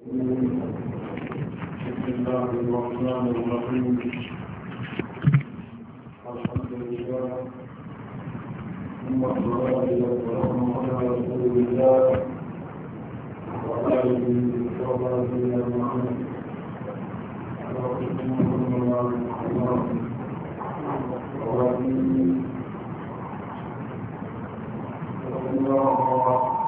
بسم الله الرحمن الرحيم الحمد لله ثم الصلاة والسلام على رسول الله وآله وصحبه أجمعين اللهم صل على محمد وعلى آله وصحبه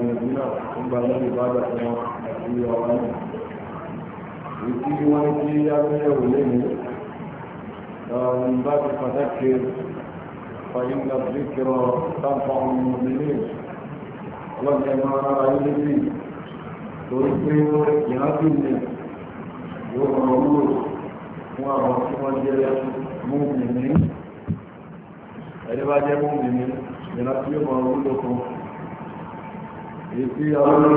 gbìyànjú náà ń gba lórí ìbádà fún wọn àti ọwọ́ náà èyí tí wọ́n ti yáwéyẹ̀wò lẹ́nu من باب التذكر فإن الذكر تنفع المؤمنين وإنما رأيت فيه تذكر يقين يغرور ورسول المؤمنين ẹ̀rẹ́bá jẹ́ mú mi ní ìrìnàtí yóò máa wúlò kan èsì ọlọ́run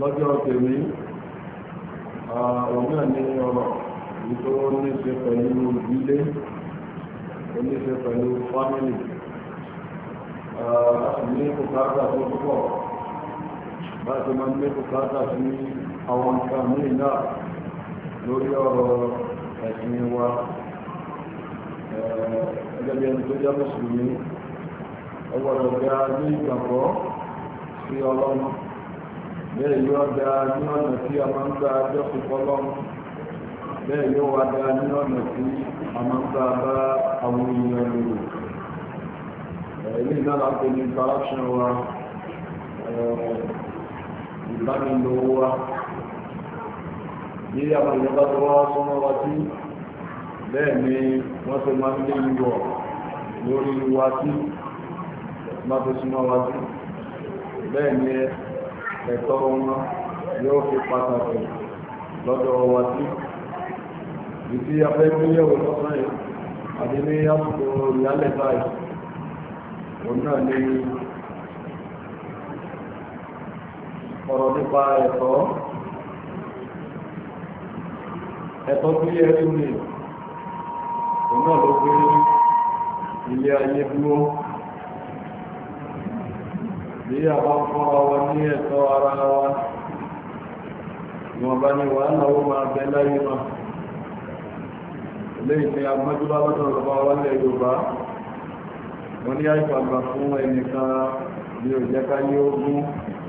lọ́jọ́ tèmi ọ̀nà ní ọ̀rọ̀ ìtò oníṣe pẹ̀lú ìdílé oníṣe pẹ̀lú fámìlì ní bùkátà tó púpọ̀ láti máa ní bùkátà sí àwọn nǹkan míì náà lórí ọ̀rọ̀ ẹ̀sìn wa ẹgbẹ̀rẹ̀ tó jẹ́ mùsùlùmí ọgbọ̀dọ̀ ga ní ìgbàgbọ́ sí ọlọ́run bẹ́ẹ̀ yóò da ní ọ̀nà tí a máa ń gba jọ́sìn fọlọ́run bẹ́ẹ̀ yóò wá da ní ọ̀nà tí a máa ń gba bá àwọn èèyàn lò ilé náà láti ní interaction wa ìbánilò wa bí àwọn ìjọba tó wá sọ́mọ́ wa sí bẹ́ẹ̀ ni wọ́n tó máa ń lé ìwọ̀ lórí wa sí má tó súnmọ́ wa jù bẹ́ẹ̀ ni ẹ̀tọ́ wọn yóò fi pàtàkì lọ́dọ̀ wa jù ìdí afẹ́gbéyẹ̀wò lọ́sàn yìí àti ní àsìkò ìyálẹ̀ báyìí òun náà ní ọ̀rọ̀ nípa ẹ̀tọ́ ẹ̀tọ́ tó yẹ rí ní òun náà ló gbé ilé ayé dúró tí a bá ń fọ́ra wọn ní ẹ̀tọ́ ara wa ìwọ̀nba ni wàhálà ó máa bẹ láyé náà ilé ìpín agbájúlá lọ́dọ̀ ọ̀rọ̀bá wálẹ̀ yorùbá wọ́n ní àìfàgbà fún ẹnìkan ní òjẹ́ká ní ogún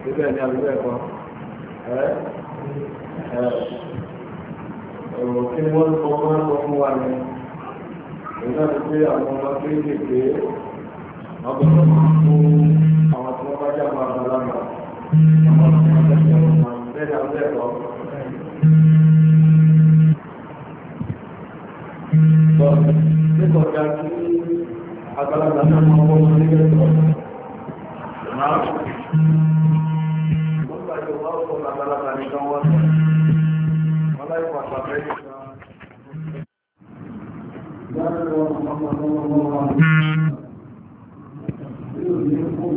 síbẹ̀ ní àdúgbò ẹ̀kọ́ ẹ̀rọ kí wọ́n ní ìdájọ́ àgbọ̀dọ̀ fún àwọn tí wọ́n bá jẹ́ àwọn àgbàlagbà àwọn tí wọ́n bá jẹ́ àwọn bẹ́ẹ̀ bẹ́ẹ̀ lọ. Bọ̀ nígbàgbà tí àgbàlagbà náà máa wọ́n ní ẹ̀tọ́. Màá wọ́n gbà yóò wá ọkọ̀ àgbàlagbà nìkan wọ́n sọ. Wọ́n láì pàpà bẹ́ẹ̀ nìkan. Ìyá rẹ̀ wọ́n mọ̀ mọ́ mọ́ mọ́ mọ́ mọ́.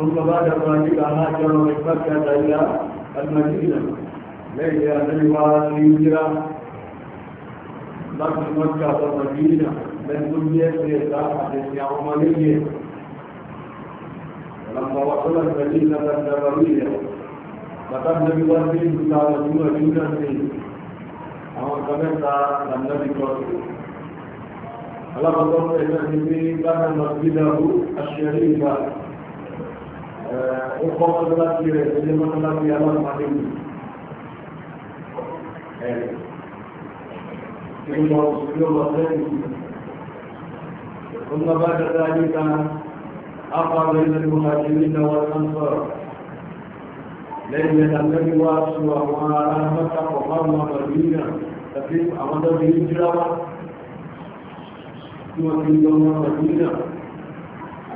ثم بعد ذلك هاجر من مكة إلى المدينة ليس أن الهجرة لكن مكة والمدينة من دنيا سياسة حديث عملية لما وصل المدينة النبوية فقد النبي وسيم إلى رسول جودة أو كمثل النبي وسيم على قدر أن النبي كان مسجده الشريف ó kọ́ mọ́tọ́láṣí rẹ̀ tó jẹ́ mọ́tọ́láṣí aláàmọ́dé mi ẹ̀rẹ̀ ìgbà òṣèlú ọmọ sẹ́yìn ثم بعد ذلك أقام بين المهاجرين والأنصار لن يتمنى وأسوى وأرامة وقام مدينة تقيم أمد الهجرة ثم في يوم مدينة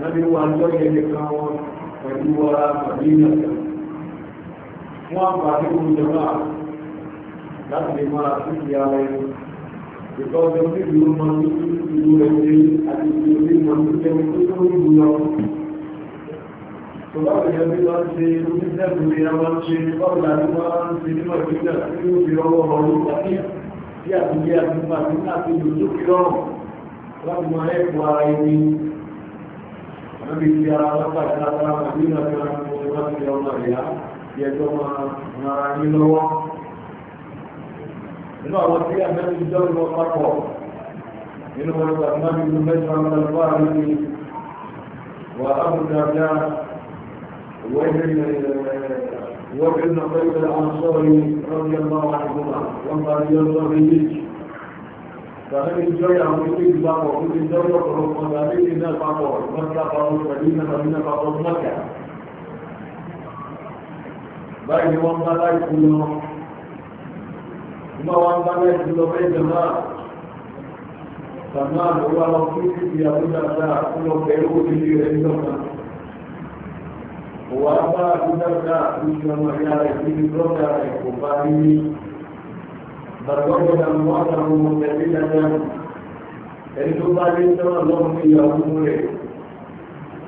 نبي وأنصار يلقاهم pẹ̀lú ọ̀rá pẹ̀lú ìyàtọ̀. Wọ́n àpá ní oúnjẹ náà láti lè máa títí ara ẹni. Ìtọ́jọ́ sí ìlú mọ́ ní ìlú ẹgbẹ́ àti ìlú orí mọ́ ní jẹ́ tó tó ń lù lọ. Tọ́lá ìyẹn bí wọ́n ṣe oníṣẹ́gun ni a máa ń ṣe báwo la ní wọ́n ń ṣe nínú ìpínlẹ̀ tí ó fi láti máa ẹ̀kọ́ ara ẹni نبي سيارة ربك على مدينة كلام مصيبات يوم الرياء يجوم مرامي لوا إنه وسيء من الجو والقطوة إنه الرحمن بن مجرى من الفارق وأبو الدرداء وابن قيد الأنصاري رضي الله عنهما وقال يرضى به کہ جو ہے ہم اس کی دفاع کو اپنی دنیا کو پرو کو جانے کی نہ پاپو مت کا پاپو کبھی نہ کبھی نہ پاپو نہ کیا بھائی یہ وہاں کا ہے کلو ہم وہاں کا ہے کلو میں جمع کرنا لوگا لوگ کی کی بل وجد امواته متبدة ẹni tó bá dé sọ́rọ̀ lọ́wọ́ ní ìyàwó rẹ̀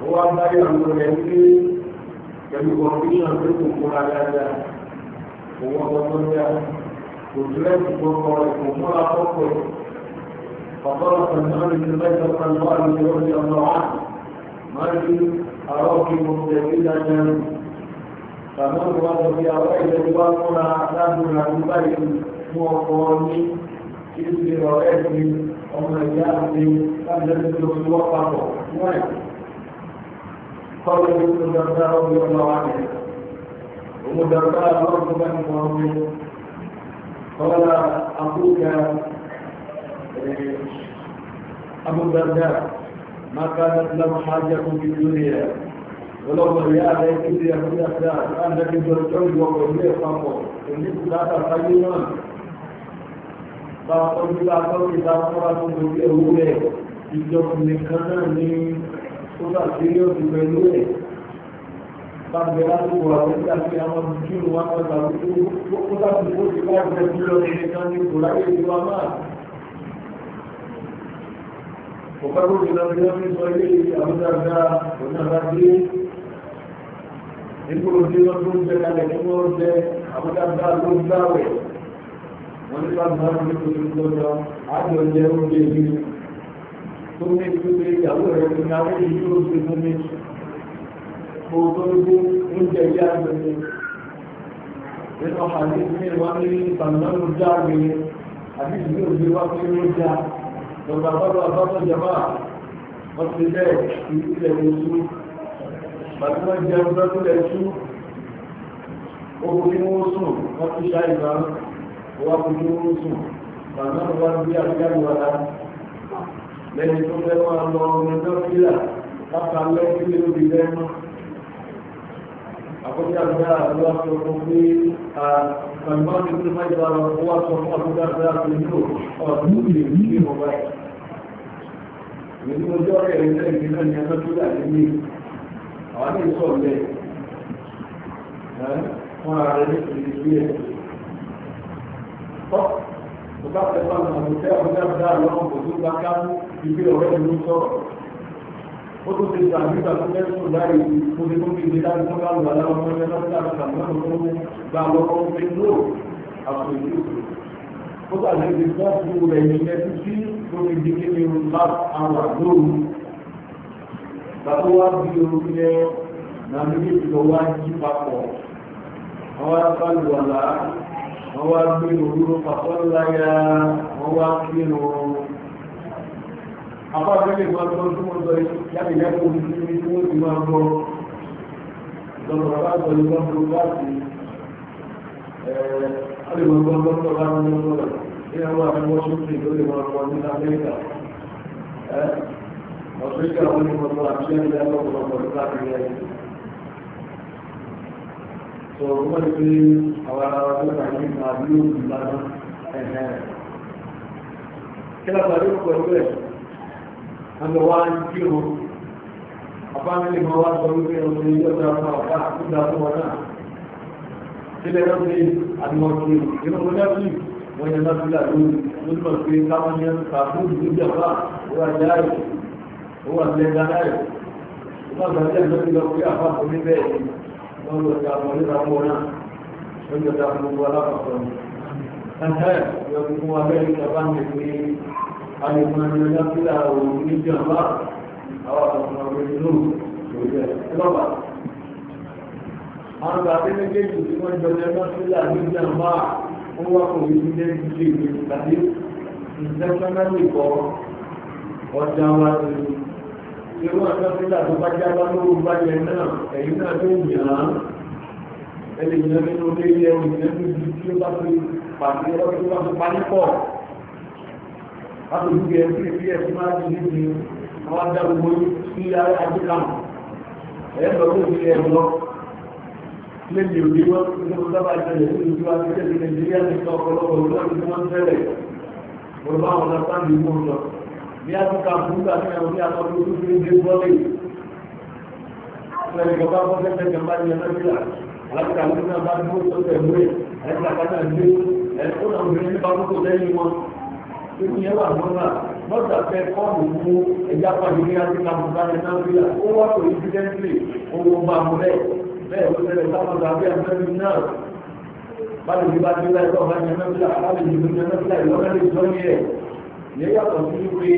ó wá bá ìyàwó rẹ̀ ní pẹ̀lú kọ̀ǹfíṣàn tó kò múra dáadáa kò wọ́n kọ́ tó dáa kò dúrẹ́ kò kọ́kọ́ rẹ̀ kò múra kọ́kọ́ rẹ̀ فقال سلمان بن بيت رضي الله Tàbí wọ́n ti àwọn ilẹ̀ tó bá fúnra lábúra ní báyìí fún ọkọ̀ ní ìdílé ọ̀rẹ́ mi, ọmọ ìyá mi, láti ẹni tó fi wọ́n papọ̀ fún ẹ̀. Kọ́lé ní tó dáadáa ó bí ọmọ wa nìyẹn. Òun dáadáa lọ́wọ́ tó bá ń pọ̀ mi. Kọ́lá àbúkà Abu Darda, ما كانت له حاجة في الدنيا ọlọ́pọ̀ ìyá rẹ̀ kí ti ẹ̀kọ́ ní àṣà àdájọ́ ìjọ ìjọ ọkọ̀ ilé ìpapọ̀ èyí kò dáta sáyé náà bá ọdún látọ́kì bá fọ́nrá tó lórí owó rẹ̀ ìjọba nìkan náà ní sódà sílé òsì pẹ̀lú rẹ̀ bá bẹ̀rẹ̀ lásìkò àwẹ́sí àti àwọn júù wọn kan tàbí tó kó láti kó ti láì fẹ́ jùlọ nìkan ní kò láyé ఇప్పుడు జీవన గురించి అవకాశాలు జవాబ్ pàtí wọ́n jẹ ọjọ́ tó lẹ tú ogun ní wọ́n sùn wọ́n ti ṣá ìgbà wọ́n kú ní wọ́n sùn bàbá wọn bí àbíyáwó wọlá lẹ́yìn tó fẹ́ máa lọ ọmọ ẹjọ́ fílà láta lẹ́yìn tó lè lẹ́nu àkọ́jà àgbà àdúrà sọ fún pé àgbàgbọ́n ti tún máa ìbára wọ́n wá sọ ni ẹjọ́ fílà nílé àwọn ní ìsọ̀ lẹ̀ wọ́n ara rẹ̀ ní ìlú ẹ̀ tọ́ tó bá fẹ́ bá wọn tẹ́ ọ̀gá dá lọ́wọ́ kò tó bá ká mú ibi ọ̀rẹ́ ìlú sọ̀rọ̀ ó tó ti gbà nígbà tó fẹ́ sùn láì tó ti tó ti gbé dájú tó bá lù aláwọ̀ ọmọ ẹgbẹ́ láti láti tàbí láti tó mú gba lọ́wọ́ pé ló àpò ìlú ó tàbí ti fọ́ fún rẹ̀ ìyẹn títí tó ti di kí ni láti àwọn àgbóhùn bàbá wa bí orúkú yẹn na méjèèjì lọ wá yí papọ̀ wọ́n wá ọ̀la wọ́n wá gbé òwúrò papọ̀ láyà wọ́n wá ní àwọn وذكر من مطلعين لأنه مطلعين So, what is the, our other family, our view, Lama, and Hannah. Kila Baruch was there. And the one, Kiru, a family who was from the Union of the Africa, who does not want to. Kila Baruch, and more Kiru. You know, whenever you, when you're not in that room, you must be someone owó àtìlẹ́gbà láyọ̀ ìgbàgbàjẹ́ lórí lọ pé àpapọ̀ ní bẹ́ẹ̀ ni wọ́n lọ sí àwọn oníta mọ́ náà wọ́n lọ sí àwọn gbogbo alápapọ̀ ni ẹ̀hẹ́ yọ gbogbo abẹ́rẹ́ ìjọba ń pè alùpùpù ní ọjọ́pílà òun ní ìjọba àwọn àtọ̀kùnrin ọ̀gbẹ́ inú òjò ìlọ́pà àwọn àti méjèèjì tí wọ́n jọ lẹ́gbọ́sílà ní ìjọba ó wà kò ní ilé irú àtọ́sílà tó bá jábá lórí bájẹ náà ẹ̀yìn náà tó yàn án ẹlẹ́ ìyẹn nínú ilé ilé ẹ̀rù ìyẹn tó ju tí ó bá fi pàṣẹ ọdún tó bá fi parí pọ̀ látòjú bí ẹni tí ẹ ti máa di níbi àwọn ajá gbogbo sí ajé kan ẹ̀yẹ́ lọ sí ìdílé ẹ̀rù lọ lẹ́yìn òní wọn ní wọn sábà jẹlẹ̀ sí ìjú akẹ́kẹ́ Nàìjíríà nìkan ọ̀pọ̀lọpọ̀ ìlú àti tí wọ́n ń tẹ́lẹ̀ ní àtúkà fúngbà ní àwọn ní àwọn tó fi ń gbé bọ́lì ìpínlẹ̀ ìjọba fún fẹ́fẹ́ ìjọba ní ẹlẹ́gbẹ̀rẹ̀ alákùnrin àwọn náà bá dúró tó tẹ̀lú ẹ̀ ẹ̀ka kátà ní ẹ̀kọ́ náà obìnrin nípa púpọ̀ lẹ́yìn wọn tó ní ẹwà wọn náà lọ́sà fẹ́ kọ́ọ̀mù mú ẹja pàdé ní àtúkà fúngbà ní nàìjíríà ó wà tó ìfidẹ́ńtì owó bá mú bẹ́ẹ̀ bẹ́ẹ̀ ló tẹ̀lé sáfàdà àbí àbẹ́bí náà bá lè ní bá dé níyàtọ̀ sí wípé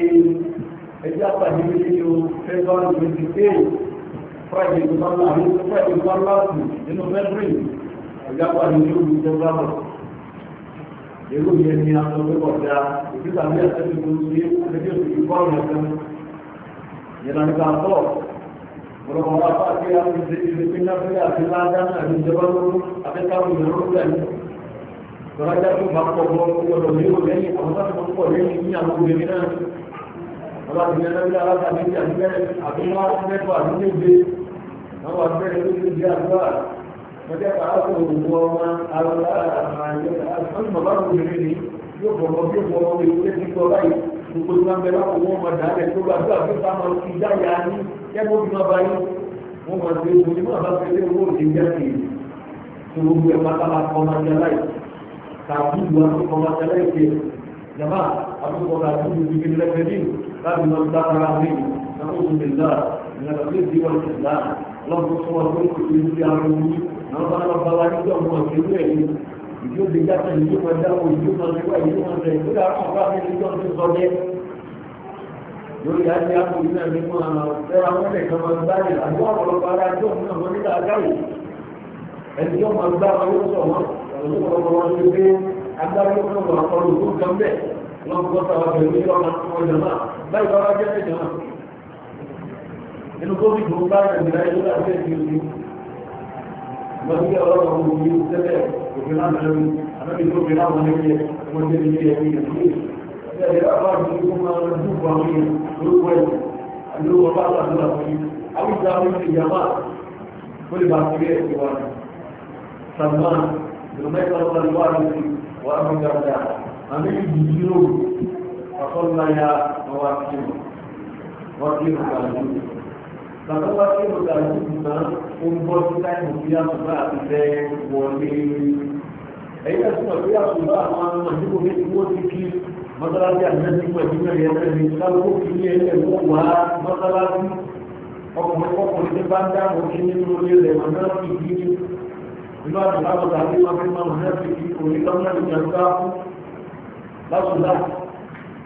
ẹjẹ́ àpàdé méjì o fẹ́gbọ́n twenty eight friday tó bá láàrin friday tó bá láàrin nínú february ẹjẹ́ àpàdé ní olú ìjọba èrò yẹn ni a sọ pé kọjá ìdílé àmì àtẹ́sí tó ń ṣe ẹgbẹ́ òṣèlú fọ́ọ̀rù ẹ̀sẹ̀ yẹn nípa àtọ́ ọ̀rọ̀ ọ̀rọ̀ apá àti àwọn ìṣèlú ìṣèlú pínlẹ̀ àti ládàá àti ìjọba lọ́wọ́ àti káwọn ìyẹn lọ́wọ́ lọ́wọ́ jẹ́ kó máa pọ̀ bọ́ ọ̀rọ̀ yìí ó lẹ́yìn àwọn tó máa pọ̀ lẹ́yìn ní àwọn obìnrin náà lọ́wọ́ ti yẹn lọ́wọ́ alága méjì àbíbẹ́rẹ́ àbíwá mẹ́fà àbí méje àwọn àbíbẹ́rẹ́ tó ti di àdúrà wọ́n jẹ́ pàá kó òwò ọmọ alága àmàlẹ́ àwọn bàbá obìnrin ni yóò bọ̀ bọ́ bí ọmọ mi lé ti gbọ́ báyìí gbogbo tí wọ́n bẹ láwọn owó ọmọ dàálẹ̀ tó bá tó àbí ká máa fi dáyà ní kẹ́gbó bí wọ́n bá yín wọ́n máa fi owó ní wọ́n bá fi owó òdì jáde tó gbogbo ẹ̀ pátá máa kọ́ máa jẹ láì تعبيد وأنتم وما تلاقي جماعة أنتم وتعبيد بكل لكنين قالوا من دار العظيم نعوذ بالله من الخزي والإسلام اللهم صل وسلم في مثل عظيم نرضى رب العالمين وهو كبير يجوز الناس اللي يجوز الدواء ويجوز الدواء ويجوز الدواء كل أعراض اللي يجوز الصديق lórí àti àpò iná nínú àmà ẹra wọn lè kàn máa gbá ní àwọn ọ̀pọ̀lọpọ̀ ara ẹjọ́ náà wọn nígbà àgáyé ẹni yóò máa gbá wọn yóò sọ wọn ọ̀pọ̀lọpọ̀ wọn ti gbé agbárí ọ̀pọ̀lọpọ̀ ọ̀pọ̀lọpọ̀ ìlú kan bẹ̀ wọn kọ́ sára pẹ̀lú ilé ọmọ ọmọ jọba báyìí bá wá jẹ́ ẹ̀jẹ̀ náà inú gómìn tó bá ìrìnà ìlú láti ẹ̀jẹ̀ ìlú wọ́n ti ọlọ́pàá wọn ní sẹ́lẹ̀ òfin náà lẹ́nu àbẹ́bí tó fi láwọn ẹgbẹ́ wọn jẹ́ ilé ẹ̀mí ìlú ẹ̀jẹ̀ bá ti kó máa ń dúpọ̀ àwọn èèyàn lórúkọ ẹ̀jẹ̀ àdúró wọn bá sàdúrà fún yìí àwọn ìjà wọn ti yàmá kó lè bá ti rí ẹ̀jẹ̀ wa sàmánà يومئذ الله عليه وأبو الدرداء أمين بجنوب فصلى يا مواكب وكيل قلبي فقال وكيل قلبي ما أمبر كتاب مفيا صفاء بذين ولين أي أسمع فيها صفاء ما نمجد به قوة كيل مثلا في الناس المدينة يتنبي قلبه كيل يتنبوها مثلا ọkùnrin kọkùnrin tí bá ń dáhùn kí nínú orí rẹ̀ mọ̀ náà fi kí ìlú àtàlábà tàbí wọn fi máa mọ̀ sí orí lọ́nà ìjọba lásùlá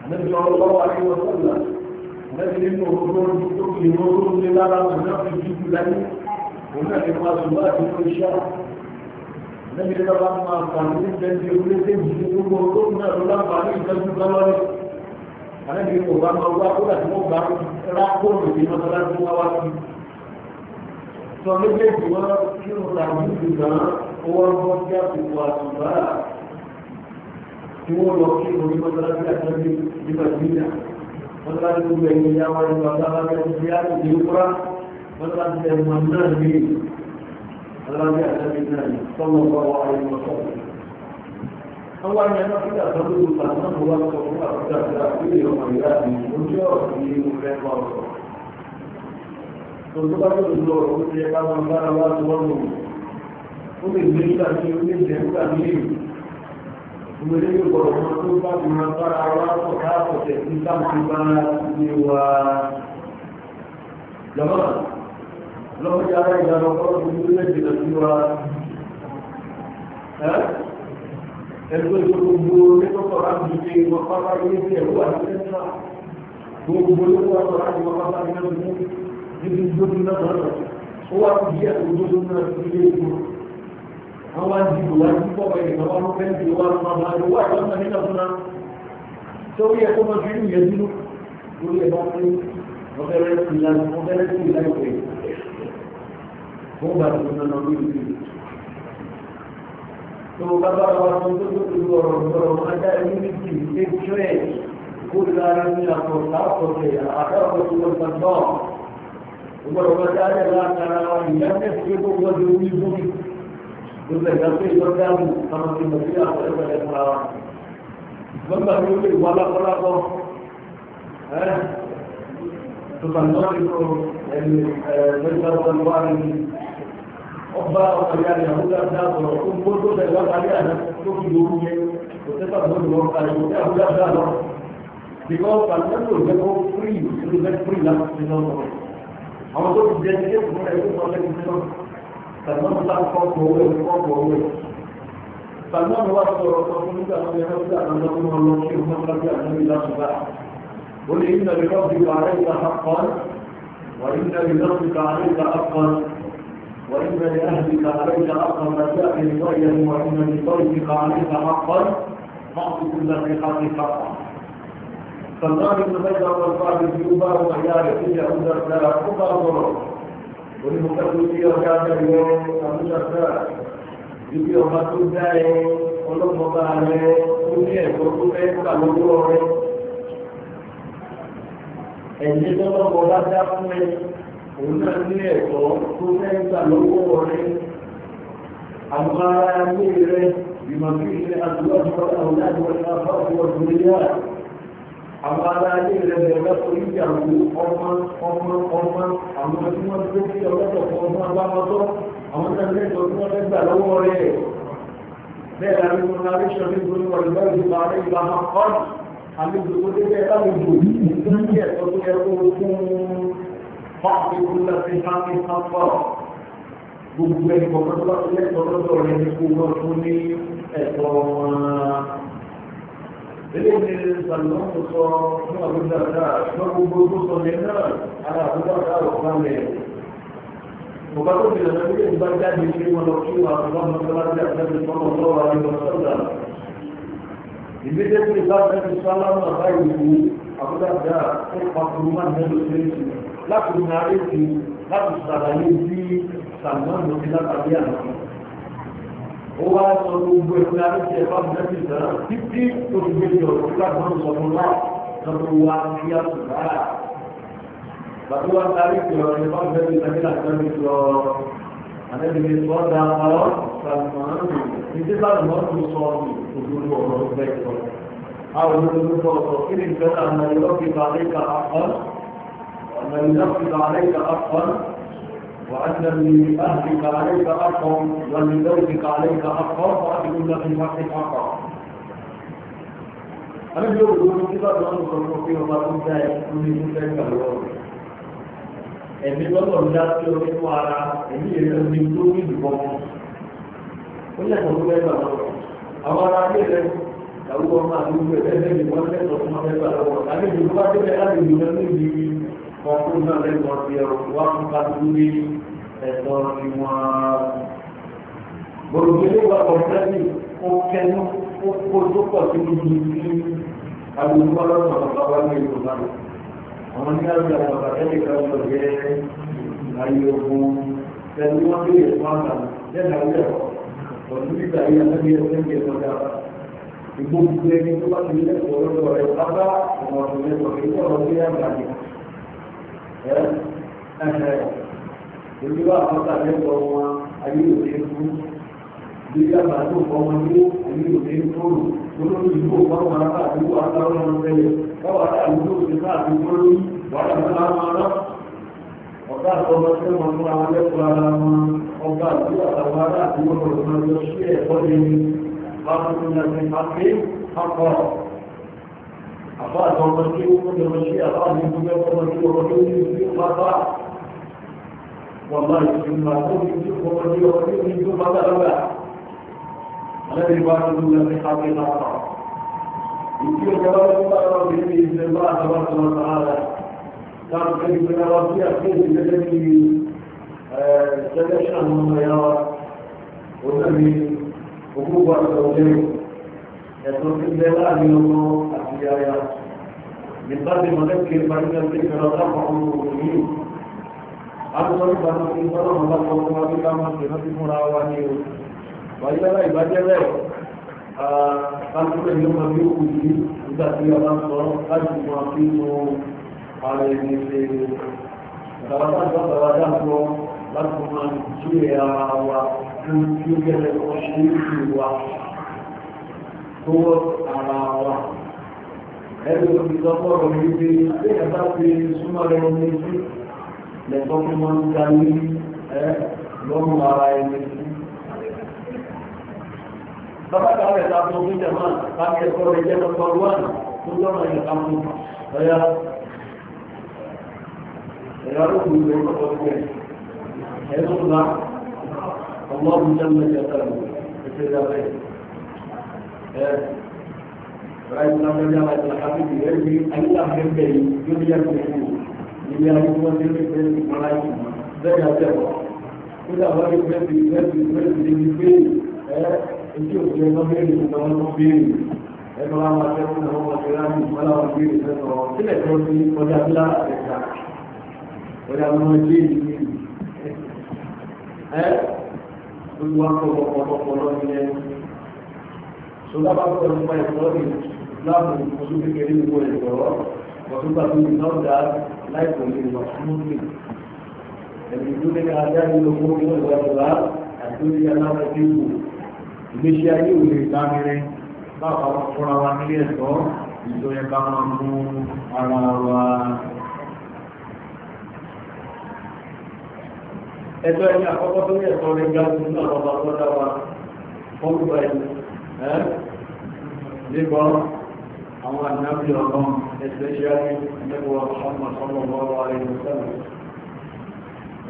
àlejò ọlọ́wọ́ àríwọ̀ sọ́lá àlejò nínú òkúrò tó kì í mọ́ tó ń lé lára mọ̀ náà fi jù láyé òun náà lè máa sùn láti fún iṣẹ́ lẹ́yìn tí wọ́n máa fàánù ní bẹ́ẹ̀ni orílẹ̀-èdè yìí gbogbo olóògùn náà ló láǹfààní ìtọ́jú lọ́wọ́rẹ́ àlejò ìwọ̀n bá máa wá kó láti wọ́n gbà rákòrò ìdí mọ́tọ́lá tó wá wá sí i sọ méjèèjì wọn kírun tàbí ìgbìmọ̀ owó ọgbọ́n tí àsìkò àtùbá tí wọ́n lọ kírun ní mọ́tàlásí àtẹ́bí ní bàbíyà mọ́tàlásí gbogbo ẹ̀yìn ìyá wọn ní babaláwo ní àtìkè ìkúrá mọ́tàlásí ẹ̀mọ náà ní aláwọ̀ àtẹ́bí náà ní sọ́mọ́ bá wà ní mọ́tàlásí. àwọn àyàn náà fíjà tó lóòótọ́ àti náà mo wá sọ fún àkójọ àti àkójọ ìyọ̀mọ̀ ìyá àti ìmújọ́ ìlú rẹ̀ kọ́ ọ̀rọ̀ tó bá tó lọ ọ̀rọ̀ tó yẹ ká máa bára wá tó wọ́n mọ̀ ó lè gbé nígbà tí ó lè jẹ́ nígbà ní èyí ìwé ní ìwọ̀ ọ̀rọ̀ tó bá ti máa bára wá pọ̀ ká pọ̀ tẹ̀ sí sáàmù bá ní wa lọ́mọ́ lọ́mọ́ tí ara gbogbo nítorí láti fi àti ẹ̀ta gbogbo ló ní ẹgbẹ́ níbi ìjọba náà wọ́n lọ ó wá fi yẹ òdodo náà sí ilé ìgbò wọ́n wá di ìwà ní pọ̀pọ̀ ẹ̀ náà wọ́n fẹ́ di ìwà àwọn àmà ìwà àjọmọ̀ nínú ọ̀túnra tó yẹ kó máa fi inú yẹn dúró lórí ẹ̀ bá pé wọ́n fẹ́rẹ́ sí ìlànà wọ́n fẹ́rẹ́ sí ìlànà ìwé gbọ́dọ̀ bá dáadẹ́ látara wa ìyáfẹ́ fún kó gbọ́dọ̀ orí bómi gbogbo ẹ̀dá pé ìlọ́dáàmù àwọn ti mọ̀ sí àwọn ẹgbẹ́ ẹ̀fà wa gbọ́dọ̀ ní orí ìwà lápọ́lápọ́ ẹ́ tùbàndọ́rìkọ ẹ̀mí ẹ̀ẹ́dẹ́gbẹ́sọ̀rọ̀ ọba ọ̀kàlẹ́ àyàwó dáadáa ó ń gbọ́dọ̀ lẹ́gbẹ́ ọ̀kàlẹ́ àná tó fi lórí yẹn kò tẹ́fà gbọ́dọ̀ ọ̀kàlẹ́ àyàwó dáadáa lọ. Because Palmetto is very free, it àwọn tó ti jẹ́ ilé ìfún ẹ̀rọ ìfún ọlẹ́gbẹ̀ẹ́ mìíràn sàmọ́nù bá kọ́ owó ìfọ́ owó sàmọ́nù wà sọ̀rọ̀ sọ fún nígbà tó yẹ kí àwọn ọmọ ọmọ ọmọ ṣe fún ọmọ bí àwọn ìlà ṣùgbà ó lè yín lórí lọ́ọ̀bì ààrẹ ìgbà àpọ̀n wà yín lórí lọ́ọ̀bì ààrẹ ìgbà àpọ̀n wà yín lórí lọ́ọ̀bì ààrẹ ìgbà àpọ̀n láti àkẹ́yìn lọ́ọ̀yẹ̀ wà yín lórí lọ́ọ̀bì ààrẹ ìgbà àpọ̀n máa ń kú سلمان بن بيضة والقاضي بيوبا وعيار في يهود الدار كما ضرب والمقدم في ركعة اليوم أبو شرداء يبي أما تبدأي ولم مطالي كوني كوني كوني ẹ̀jẹ̀ tó lọ bọ̀ bá dá fún ẹ òun náà ní ẹ̀kọ́ tó fẹ́ gbà lọ́wọ́ rẹ àwọn ará ilé rẹ ìmọ̀ kí ilé àdúrà tó bá wà láti wọ́n ní afọ́ àti wọ́n tó lé yára àwọn adáyé rẹ̀ bẹ̀rẹ̀ lọ́pọ̀ ìyàwó ọmọ ọmọ ọmọ àwọn tí wọ́n tó fi ọlọ́pọ̀ fún ọmọ abámọ́tọ́ àwọn tí wọ́n tó fi wọ́n gbà lọ́wọ́ rẹ̀ bẹ́ẹ̀ la ní wọn lárí sọ ní gbogbo wọn lọ́wọ́ ìgbà rẹ̀ ìgbà máa kọ́ àmì gbogbo débẹ̀ láwùjọ nígbà tí ẹ̀tọ́ tó yẹ kó fún fáàmì kúlẹ̀ sí fáàmì fáàmì eléyìí ní sàlùmọ́ tó sọ fún àbújá dáa lọ gbogbo tó sọ yẹn náà ara àbújá dáa rọ̀ bá lẹ̀. Bùbá tó bìrì náà nílé ìgbà jáde ṣe wọn lọ kí wọn àbújá mọ́tàlájú àtẹ́bí sọ́nà lọ́wọ́ àríwọ̀ sọ́dà. Ìgbésẹ̀ tó ìgbà tẹ́bí sọ́lá náà bá ìwú àbújá dáa tó pàkúrú máa ń mẹ́lò sẹ́yìn láti nàárẹ̀ sí láti sàlàyé bí sàlùmọ́ ó wá sọ gbogbo ẹ̀kọ́ láti ṣe ẹ̀fọ́ àbúrẹ́sì sọ́nà títí tó fi gbé jọ lágbọ́n sọ fún wa lọ́dún wa kí á sùn rárá. Bàbá wa sáré ìpìlọ̀ ẹ̀fọ́ àbúrẹ́sì sọ́nà láti ṣe sọ àdébìnrin sọ da ọ̀rọ̀ sàlùmọ́nù títí sàlùmọ́nù sọ òdòdó ọ̀rọ̀ bẹ́ẹ̀ sọ. Àwọn olóòtú sọ sọ kí ni ìfẹ́ náà وأنني أهلك عليك حقا ولزوجك عليك حقا وأهلك في حقك حقا أنا اليوم أقول كذا بأن الرسول وما كنت أقول كنت أقول ẹ̀mí lọ́dọ̀ ní láti ọdún fún ara ẹ̀mí ẹ̀rọ ní tó ní ìbọn ó lẹ́tọ̀ tó mẹ́ta lọ́wọ́ àwọn ará ilé rẹ̀ làwùjọ máa ń gbé ẹgbẹ́ ní wọ́n lẹ́tọ̀ tó mẹ́ta lọ́wọ́ àbí ìlú bá débẹ̀ láti ìlú náà ní ìlú kọ̀ọ̀kan náà lẹ́tọ̀ ti ẹ̀rọ wá fún ká tó ní ẹ̀tọ́ tí wọ́n gbogbo ilé wa kọ̀ọ̀tẹ́lì ó kẹnu ó kojú pọ̀ sí ibi tí alùpùpù ọlọ́run ọ̀pọ̀ wá ní ìlú náà àwọn ní àrùn àwọn àtẹ́lẹ̀ kan lọ jẹ́ ayé ogun pẹ̀lú wọn lè yẹ fún àgbà lẹ́nà ilé ẹ̀kọ́ pẹ̀lú nígbà yìí àtẹ́lẹ̀ ẹ̀kọ́ ń jẹ kọjá ìgbógun ẹni tó bá ti lẹ́kọ̀ọ́ lọ́dọ̀ rẹ̀ pápá ọmọ ọ̀dọ̀ lẹ́kọ̀ọ́ èmi wà fọ́tà lẹ́kọ̀ọ́ wọn ayé òde fún gbígbà bàtò fọmọ ní ayé òde fóònù olórí ìlú òpáwọn arábà àdúgbò agbára ọmọ tẹ́lẹ̀ báwa tá àdúgbò òde náà ti wọ́n lórí wàhálà náà máa rán ọ̀gá àtọmọ tí wọ́n fún àwọn lẹ́kọ̀ọ́ ara wọn ọba àdúgbò àtàwọn ará àdúgbò ọ̀rọ̀ náà lọ sí ẹ̀kọ́ lẹ́yìn bá tó ní ẹ̀sìn pàṣẹ àpọ̀ àbá àtọmọ tí wọ́n fún ọmọ sí àbá àdúgbò ẹ̀kọ́ والله مما قلت وقد يخبرني ثم تلبى الذي بعد كل في حقيقة يمكن كلام الله بإذن الله تبارك وتعالى كان كيف نرى كيف الذي تتشأن الميار والنبي حقوق الزوجين يترك الليل من الله أحياء من قبل مذكر فإن الذكر ترفع المؤمنين agbọ́dọ̀ ìbámu ní sọ́dọ̀ ọ̀gá ọ̀gá bí ká máa ṣe rántí fúnra wa ní o wàyí lára ìbàjẹ́ bẹ́ẹ̀ kálukúrẹ́ ní ọmọ bí ó kù sí nígbà tí ọba ń sọ láti mọ sí mọ ara ẹni ṣe ìtàwátà ìjọ àgbàwá dáàbò láti mọ jí ara wa fún tí ó gẹ́gẹ́ kan ṣe é sí wa tó ara wa ẹni òbí sọ fọ́ọ̀rọ̀ mi pé bí ẹ̀ka ti súnmọ́ rẹ̀ ní sí lẹ́tọ́ fún wọn ń ga ní ẹ lọ́rùn ara ẹni. Bàbá kan rẹ̀ ta fún fún jẹ̀mọ́ láti ẹ̀kọ́ rẹ̀ jẹ́ lọ́kọ̀ wọ́n tó lọ́nà yẹn ká fún ọ̀yá. Ẹ̀yà ló kù ìwé ọkọ̀ tó yẹ. Ẹ̀yà tó bá ọmọ ọdún jẹ́ mẹ́jọ sẹ́lẹ̀ ẹ̀ṣẹ̀ dábẹ́. Ẹ̀ Ráyé Nàmẹ́jà láti àbíkì rẹ̀ bí ayé àbẹ̀bẹ̀ yìí yóò yẹ kó ilé ayé wọn ti rí pé ìwọ láyé lẹ́yìn àtẹ̀wọ̀ ó dàbọ̀ ní pẹ́ẹ́sì pẹ́ẹ́sì pẹ́ẹ́sì ní ní pé ẹ etí òkè ẹ̀kọ́ béèrè nípa wọn tó béèrè ẹ̀kọ́ wa máa tẹ́kọ̀ọ́ náà wọ́n ti rá ní ìwọ́n láwọn béèrè sẹ́kọ̀ọ́ sílẹ̀ tó ti kọjá bílá ẹ̀ka ọjà máa dé ìlú ẹ olùwà pọ̀pọ̀pọ̀pọ̀ ilẹ̀ sọlá bá pọ̀ nípa ìtọ́ni láàbù oṣù kékeré gbogbo ẹ̀kọ́ But people who do not that, life will be much smoothly. And if you take an idea, you will go to the world and do the another people. Initially, we will examine it. Báwo àwọn fúnra wa nílé ẹ̀kọ́ ìjọyẹ ká máa mú ara wa. Ẹjọ́ ẹni àkọ́kọ́ tó ní ẹ̀kọ́ rẹ̀ gbá fún náà lọ́wọ́ lọ́dá wa. Fọ́nkú ẹni. Ẹ́ àwọn ànábì ọ̀gbọ́n especially nígbà Muhammad sallallahu alaihi wasallam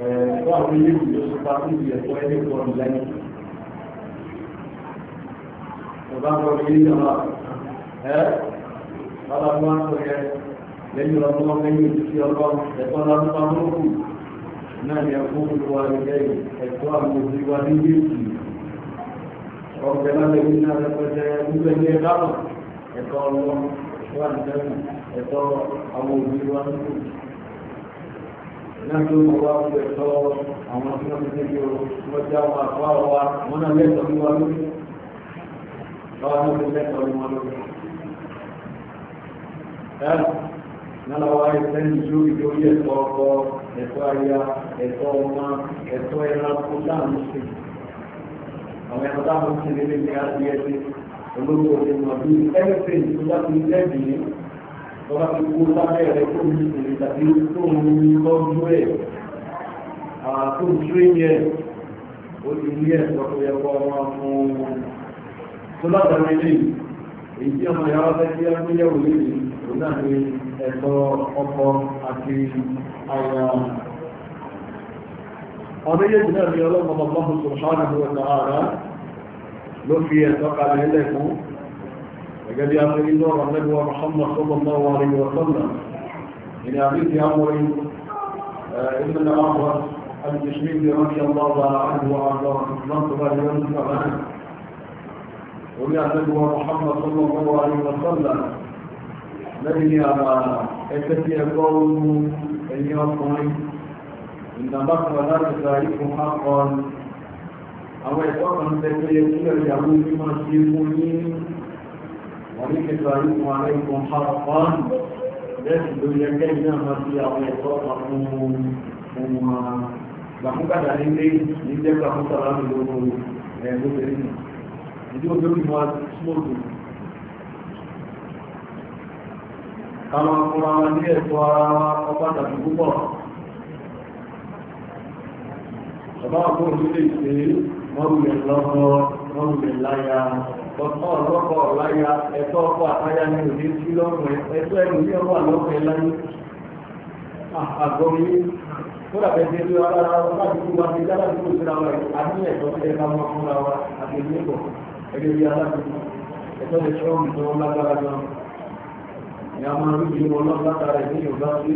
ẹ̀ẹ́dọ́ àwọn ilé ìlú tó pa níbi ẹ̀kọ́ ẹni pọ̀ lẹ́yìn ọba ń rọrùn ilé ìjọba ẹ́ bàbá tó wá ń sọ yẹ lẹ́yìn ọdún ọmọ ẹ̀yìn ìdíkí ọgbọ́n ẹ̀tọ́ lọ́dún pa mọ́kù náà ni ẹ̀kọ́ gbogbo wa ní lẹ́yìn ẹ̀tọ́ àwọn òbí wa ní ilé ìlú ọgbẹ́ lábẹ́ ní ẹ̀tọ́ ọlọ́wọ́ wà nìkan ẹ̀tọ́ àwọn òbí wa nínú náà tó wọ́n wá fún ẹ̀tọ́ àwọn tí wọ́n ti tẹ́lẹ̀ o wọ́n já wọn àpá wa wọ́n náà lẹ́tọ̀ọ́ ní wa lórí báwa náà fi lẹ́tọ̀ọ́ ní ẹ̀tọ́ ọkọ, ẹ̀tọ́ aya, ẹ̀tọ́ ọmọ, ẹ̀tọ́ ẹranko sí. Àwọn ní adìyẹ sí olórúkọ ti mọ̀ bí ẹ̀rẹ́fẹ̀ tó bá ti lẹ́bi tó bá ti kú lábẹ́ rẹ̀ tó ní ìṣèlè tàbí tó ń ní lọ́jú ẹ̀ tó ń tún yẹ ó ti ní ẹ̀sọ́ tó yẹ kọ́ ọmọ fún un tó látàrí ilé èyí tí ọmọ ìyàwó لفية وقع لهلك وقد يأخذ النور النبوة محمد صلى الله عليه وسلم إن أعطيت أمري إذن الأمر المسلم رضي الله على عنه وعلى رحمة الله ينزل أمان ومن أعطيه محمد صلى الله عليه وسلم نبي على أكتب يقول إن يرطني إن بقر ذلك تاريخ حقا àwọn ẹ̀kọ́ kan ń tẹ́tẹ́ yẹ kí ẹ̀yàwó ní máa ṣe fún ní wọ́n ní kẹta ìfún ara ìfún harapán lẹ́sìn ló yẹ kẹ́ ìdí àwọn sí àwọn ẹ̀kọ́ kan fún wọn gbàmúkàdà nílé ní jẹ́ gbàmúkàdà lóko ẹ̀ẹ́dọ́gbẹ̀rin ìdí òjòrí máa smóòtù káwọn akọ́ra wọn ní ẹ̀tọ́ ara wa ọpá tàbí púpọ̀ ọba àkóòrò lè ṣe mọ́rùlẹ̀ lọ́kọ́ mọ́rùlẹ̀ láyà ọ̀pọ̀ ọ̀lọ́kọ̀ láyà ẹ̀tọ́ ọkọ̀ àtàyà ní òde sí lọ́kọ̀ ẹ̀tọ́ ẹ̀rù ní ọwọ́ àlọ́kọ̀ láyé àgọ́rí tó dàbẹ̀ tí ó ara láti kú wa ti dára tó síra wa àti ẹ̀tọ́ ẹ̀ ká mọ́ fúnra wa àti ìlú ẹ̀kọ́ ẹgbẹ́ bí aláàbò ẹ̀tọ́ lè ṣọ́ mi tó lágbára ni a máa rí ìlú ọlọ́run látara ìlú yorùbá sí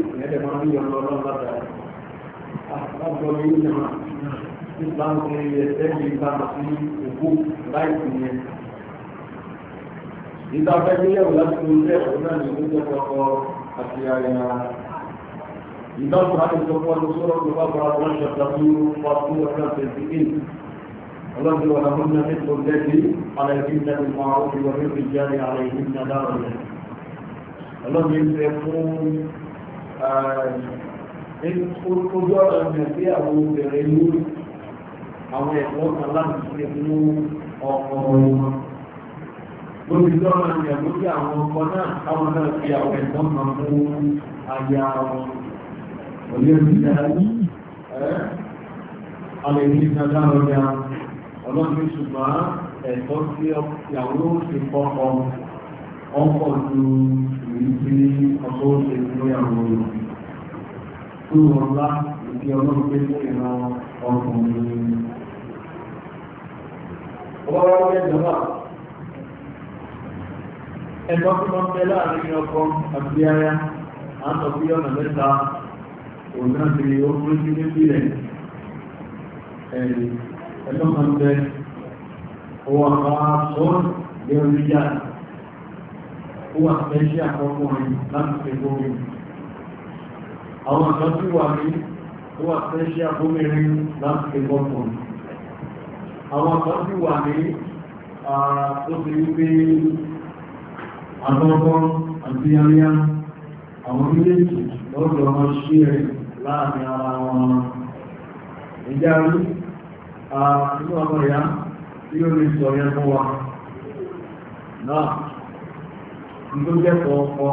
ìyẹn islam ṣe ẹsẹ̀ yìí ká sí òkú láìsí yẹn. ìta fẹ́gbéyàwó láti fi ṣe ẹ̀kọ́ náà ní ìgbésẹ̀ kọ̀ọ̀kọ́ àti àyà ìdáhùn láti sọ fún ọdún sọ́rọ̀ tó bá bọ́ra wọn ṣàtàkù pàtó ọ̀nà tẹ̀síkì ọlọ́dún wọn àwọn ọmọ mẹ́tò lẹ́sí alẹ́sìn náà ní máa ń fi wọlé fi jáde alẹ́sìn náà dára rẹ̀ ọlọ́dún ń bẹ fún ojú àwọn ẹ̀kọ́ kan láti ṣe mú ọkọ̀ wọn. Lóbi lọ́rọ̀ ni ẹ̀kọ́ sí àwọn ọkọ̀ náà káwọn náà fi àwọn ẹ̀kọ́ kan fún aya wọn. Òlé ìrìnà ní alẹ́ ìrìnà lárọ̀dá ọlọ́run ṣùgbọ́n ẹ̀kọ́ sí ìyàwó ti kọ́kọ́ tí ọlọ́run pé fún ìran ọkùnrin ọba wa wọlé ìjọba ẹgbọ́n tí wọ́n fẹ́ láàrin ọkọ àti aya à ń sọ bí ọ̀nà mẹ́ta òun náà ti ó fún sí níbi rẹ̀ ẹgbọ́n kan bẹ owó àpá àkọ́kọ́ rẹ̀ láti ṣe gbóhùn àwọn àjọ tí wà ní tó wà special gómìnrin láti fi gọ́ọ̀fún àwọn kan sì wà ní tó ti rí pé àtọ́kọ́ àti aríyá àwọn méjèèjì lọ́dọ̀ ọmọ sí rẹ̀ láàrin ara wọn ìjà rí inú ọmọ ìyá tí ó lè sọ yẹn fún wa náà tó jẹ́kọ̀ ọkọ̀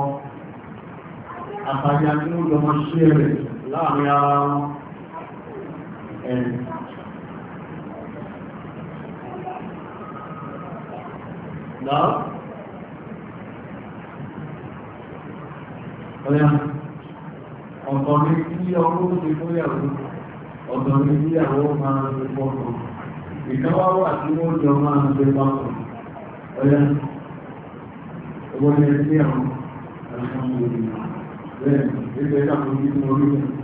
àtàjà tí ó lọ́mọ sí rẹ̀ láàrin ara wọn and love. Oh yeah. Authority of the people of the authority of the man of the people. We know how to know the man of the people. Oh yeah. What is the name? Alhamdulillah. Then, if they come to give you a reason,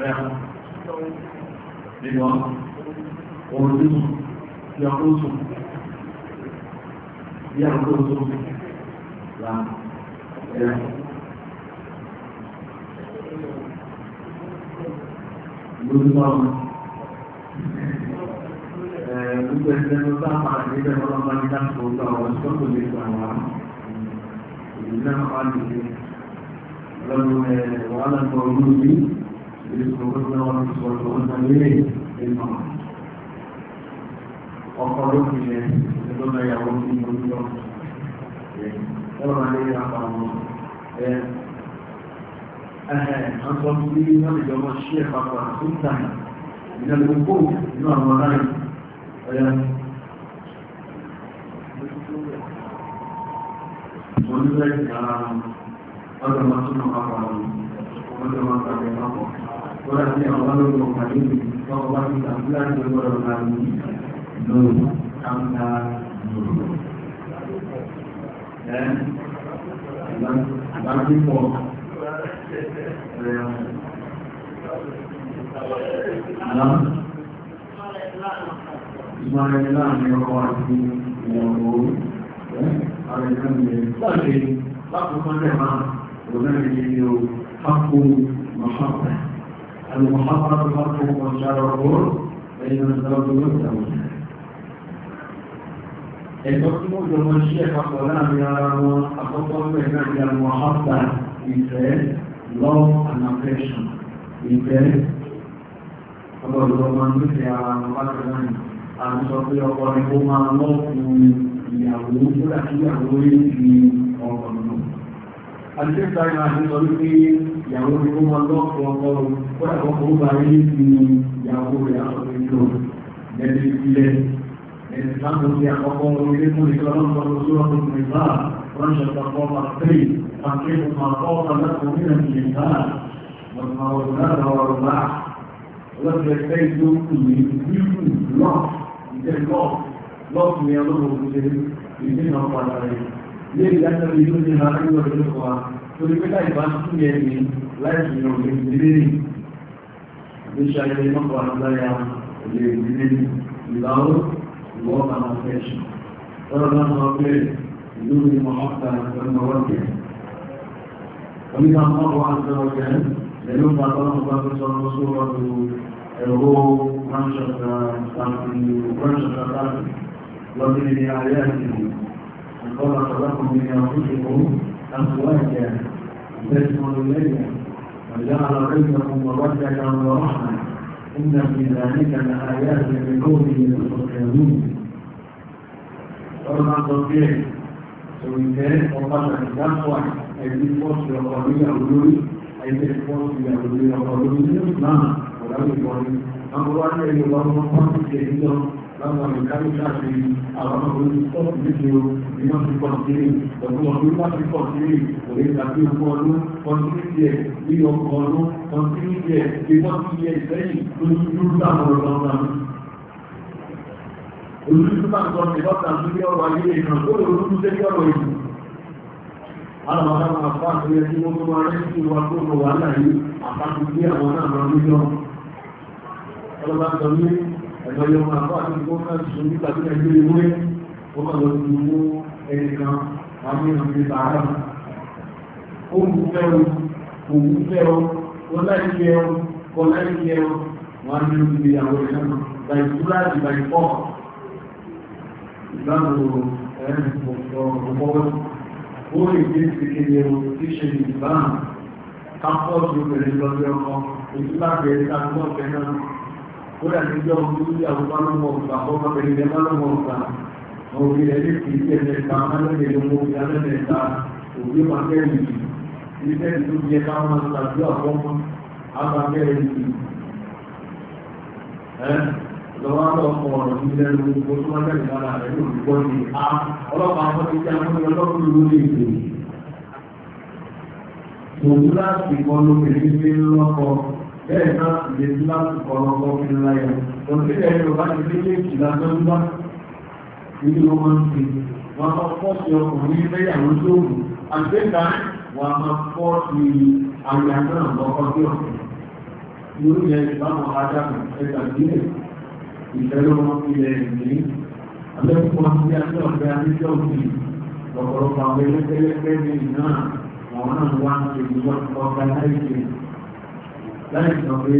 ọ̀yá nínú orí tí a kó sùn bí a kó sùn la ẹ̀yà. Lórí báwọn ẹ̀ẹ́dúgbẹ́ ìdẹ́nu sáàpà nígbẹ́ ọlọ́pàá ní dáàbò ọgbà ọ̀rọ̀ tó kò lè gbà wá. Ìdílé náà wà nìyí. Lọ́nu ẹ̀ẹ́dẹ̀wọ́ alágbọ̀n olóògbé ọkọ̀ ló fi yẹ ẹgbẹ́ náà yàwó sí orí lọ ẹ̀rọ máa lè yàpá wọn ẹ̀ ẹ̀hẹ̀ ọ̀sán sí wọ́n lè jọmọ sí ẹ̀pàpọ̀ àti ìta ìjọba gbogbo nínú àwọn ọ̀rá yìí ọ̀yà mo ní lẹ́yìn ara ọ̀dọ̀ máa tún náà wà pàdé ọ̀dọ̀ máa tàbí ọ̀pọ̀ wọ́n ti àwọn olóògbé ọ̀pàdé tọ́wọ́ bá ti tà fúlàní olóòrò náà ní lóòrò káńtà lóòrò. ẹ ìbáṣepọ̀ ẹ àná ìgbàlẹ̀ láàrin ọkọ̀ àti ìyàwó ẹ àwọn ìkànnì láti lákòókò náà ni lọ́nà ìdíje o المحرم مرته والشارعون بين الزوج والزوج الحكم يوم الشيخ أخبرنا بأنه أخبر بهنا بالمحبة إنسان love and affection ìfẹ́ ọlọ́dọ̀ máa ń gbé ara pàtàkì àti sọ pé ọkọ ni ó máa lọ́pù ìyàwó tó dàkíyàwó rí ti ọkọ̀ nínú àdìsẹ́ta ìrìn àti sọ wípé ìyàwó ni ó máa rẹ̀ lérí látàrí ìlú ní máa ń lọ lórí wa torí pé láì bá tún yẹ ní láì fi hàn lè ní lérí ní ṣayẹyẹ mọ́kọ̀ àgbáyà lè ní lérí ìlàó ìwọ́ àwọn fẹ́ṣì lọ́rọ̀ náà sọ pé ìlú ní mọ́kà lọ́nà wọ́pẹ̀ oníkà mọ́kọ̀ àgbà ọ̀gẹ̀ pẹ̀lú pàtàkì bá tó وخلق لكم من أنفسكم أزواجا تسمعوا إليها وجعل بينكم مودة ورحمة إن في ذلك لآيات لقوم يتفكرون طبعا تطبيق سويتين وقت الدعوة أي بالفرص القوية الأولوية أي بالفرص الأولوية الأولوية نعم ولو القوية àwọn wá ní ẹni wọn wọn wọn ti ṣe ìjọ láwọn ìkárí káàkiri àwọn ọmọdé sọ́ọ̀tù méje o ní wọ́n ti pọ̀ sílé ọdún ọdún wá ti pọ̀ sílé òwe tàbí ọkọ̀ ọdún ọdún díẹ̀ ní ọkọ̀ ọdún ọdún díẹ̀ tí wọ́n ti yẹ ìfẹ́yìn tó ní dúró láwọn ọ̀rọ̀ ọ̀gá mi. olùdókòwò máa ń sọ pé lọ́ta ń gbé ọrọ̀ ayé ìkan tó lè olùdókòwò jẹ́ kí ọrọ̀ ìlú. àwọn àwọn àfáà tó yẹ kí wọ́n ọlọ́pàá ń sọ ní ẹ̀dọ̀ yọ máa bọ́ àti ìgbó náà sùn nígbà tí ẹgbẹ́ ìwé ó máa lọ sí owó ẹni kan àmì ìrìn tààrà òun fẹ́ o òun fẹ́ o wọ́n láì fẹ́ o kọ́ láì fẹ́ o wọ́n á ní oṣù ìyàwó rẹ̀ náà bàì túláàdì bàì kódà ní ìjọ ojú ní àwùjọ lọ́mọ òkúta ọmọbìnrin rẹ̀ lọ́mọ òkúta òbí rẹ̀ ní kìí ṣe ẹ̀ẹ́dẹ́gbà alẹ́gbẹ̀rẹ̀ owó ìyá lẹ́gbẹ̀ẹ́ta òbí máa bẹ́ẹ̀ yìí iṣẹ́ ìlú yẹ ká máa ṣàdúrà fọ́mọ́ abàbẹ́rẹ̀ yìí ẹ́ lọ́wọ́ ọkọ̀ ọ̀rọ̀ ní ilẹ̀ gbogbo tó wọ́n tẹ̀lé lára rẹ̀ ní olùkọ́ ni a ọlọ́pàá àwọn ti jẹ́ àwọn ọlọ́pàá ló lè dè láti kọ́ lóbìnrin ní lọ́kọ̀ọ́ bẹ́ẹ̀ náà sì lè ní láti kọ̀ọ̀lọ́ ọkùnrin láyé òṣèlè yorùbá ti délé ìlànà ńlá nínú ọmọ ń fi wọn máa fọ́ sí ọkùnrin lẹ́yàwó lóòrùn àgbéga wọn máa fọ́ sí àyà náà lọ́kọ́ sí ọkùnrin lórí ẹ̀ ìbámu adáàbò ẹgbà sílẹ̀ ìfẹ́lú wọn ilẹ̀ ìní abẹ́kùn wọn sí àti ọ̀fẹ́ adéjọ́ òsì lọ́pọ̀lọpọ̀ àwọn ẹlẹ́gbẹ́lẹ́gbẹ́ ní ìná àwọn náà wá ń ṣe ìwọ́n ọ̀gá láìpẹ́ láì sọ pé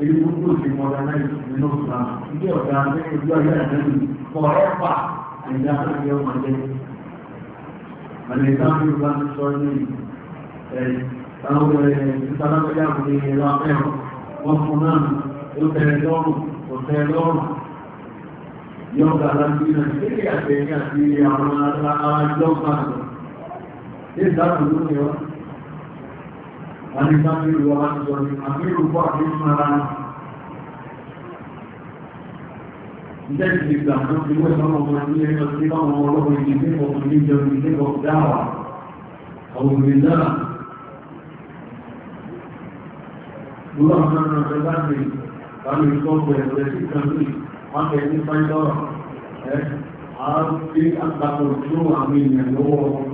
ilé púpọ̀ sí mọ́lá náà ní ló sọ ilé ọ̀gá ní ojú ọjọ́ ìdájú fọ́ọ̀rọ́pà ẹ̀yà ẹgbẹ́ ọmọdé àlèkà ń bá ń sọ ní ẹ̀ àwọn ẹ̀ ìtàlápẹ́yà ní ẹ̀rọ abẹ́rọ wọn fún náà ó tẹ́ lọ́rùn kò tẹ́ lọ́rùn yọ́gbà láti ilẹ̀ sílẹ̀ àtẹ̀yìn àti àwọn ará ìjọba ìdájú ló ń yọ wọ́n ní sáfíìrù wọ́n láti sọ ní àmírù pọ̀ àmírù mara iṣẹ́ ìdílé gbà tó ti wé sọ́nà ọmọ ní ẹjọ́ sí láwọn ọlọ́pọ̀ ìdí ní ọkùn ní ìjọ ní ìjọ dáwà ọ̀gbìn náà gbúdọ̀ náà náà fẹ́ láti láti sọ́pọ̀ ẹ̀rẹ́ sí kan ní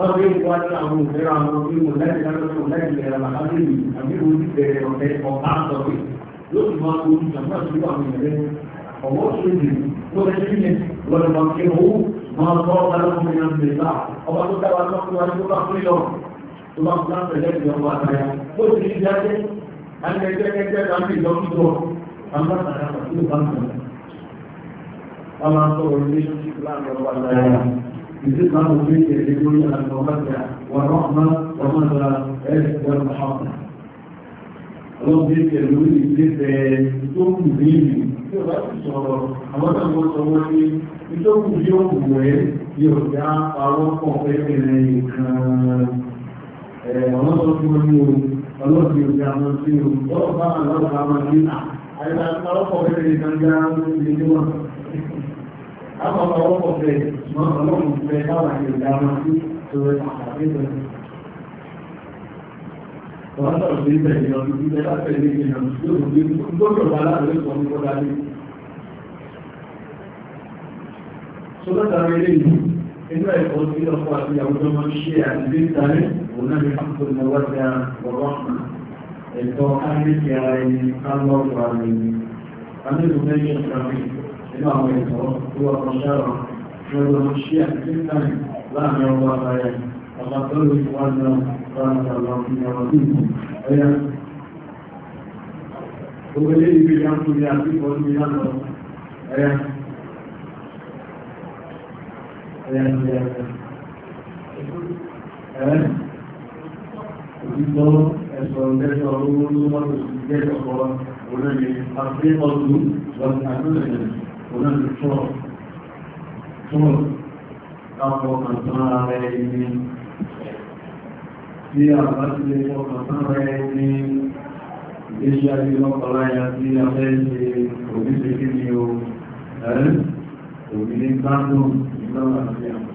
Bọ́lá yóò wá ní àwọn òṣèré àwọn onímọ̀ lẹ́yìn lọ́dún lẹ́yìn lẹ́yìn làbábí àbí orí bẹ̀rẹ̀ ọ̀tẹ̀ ọ̀tá sọ̀rọ̀ yóò sì máa gbóni ìjàmbá sí àwọn ìrẹ́ ọ̀wọ́ ṣèlú tó lè ṣí yẹn lọ́dún bá kí owó máa bọ́ ọ̀dàlọ́mọ ìyá ń bèèrè ọba tó dáwà náà fún wa tó bá fún yọ tó bá fún láti lẹ́yìn ìjọba àtàyà bó ti ní jáde alẹ́gbẹ́gbẹ́ láti ìjọba àwọn àtàyà àti ìbámu بذكر المفيد لكل المودع والرحمة ومدى والمحافظة Àwọn ìgbésẹ̀ lórí ìgbésẹ̀ tó kù ní ìlú tí ó bá ti sọ̀rọ̀ àwọn ọmọ sọ̀rọ̀ ní ìtọ́kù tí ó kù rẹ̀ tí ó dá àwọn ọkọ̀ pẹ̀lẹ̀ nìkan ọ̀nà tó kí wọ́n ní o, ọlọ́pìn òjá wọn sí o, ọ̀rọ̀ bá àwọn ọlọ́pàá wọn ní à, àìlà ọkọ̀ pẹ̀lẹ̀ nìkan já ṣùgbọ́n ọlọ́run fẹ́ báwọn àti ìdá wọn sí ìṣòro àtàkì ìṣòro. Wọ́n sọ̀rọ̀ sí ibẹ̀ ìyọ̀ ní ibẹ̀ láti ẹ̀lẹ́ ìgbìyàn lóòrùn ní gbọ́dọ̀ bá láàrin ìṣòro ní kọ́dá ní. Sọ́dọ̀ta rẹ̀ lè ní inú ẹ̀kọ́ sí ọkọ̀ àti àwùjọ máa ń ṣe àdìdé ìtàrí òun náà ní fàkùtò ìmọ̀wádìí àgbọ̀rọ̀ ọ̀hún. Ẹ̀tọ́ káríkì ara ẹni ká lọ́ọ̀rọ̀ ara ẹni. Àmì ìlú mẹ́rin ìṣàmì nínú àwọn ẹ̀tọ́ tó wà kan ṣára يوم المشيئة جدا لا من الله غير الله تلوك وأن بارك الله فينا وفيكم أيها وبليه بالأمس بيعطيك ومن الله أيها أيها أيها أيها Ìgbọ́n ẹ̀sọ̀ ìgbẹ́sọ̀ owó ló wọ́n tó sì jẹ́ ọ̀pọ̀ orílẹ̀-èdè àti ọdún lọ́nà àdúrà ìrìn òun náà ti tọ́ fún kápọ̀ kàtàn ara ẹni tí a bá ti lè pọ̀ kàtàn ara ẹni ìgbésí ayé lọ́pàá ya tí a fẹ́ ṣe òbíṣẹ́ kí ni o ẹ̀rẹ́ òbí ní gbádùn ìgbàlá àti àmà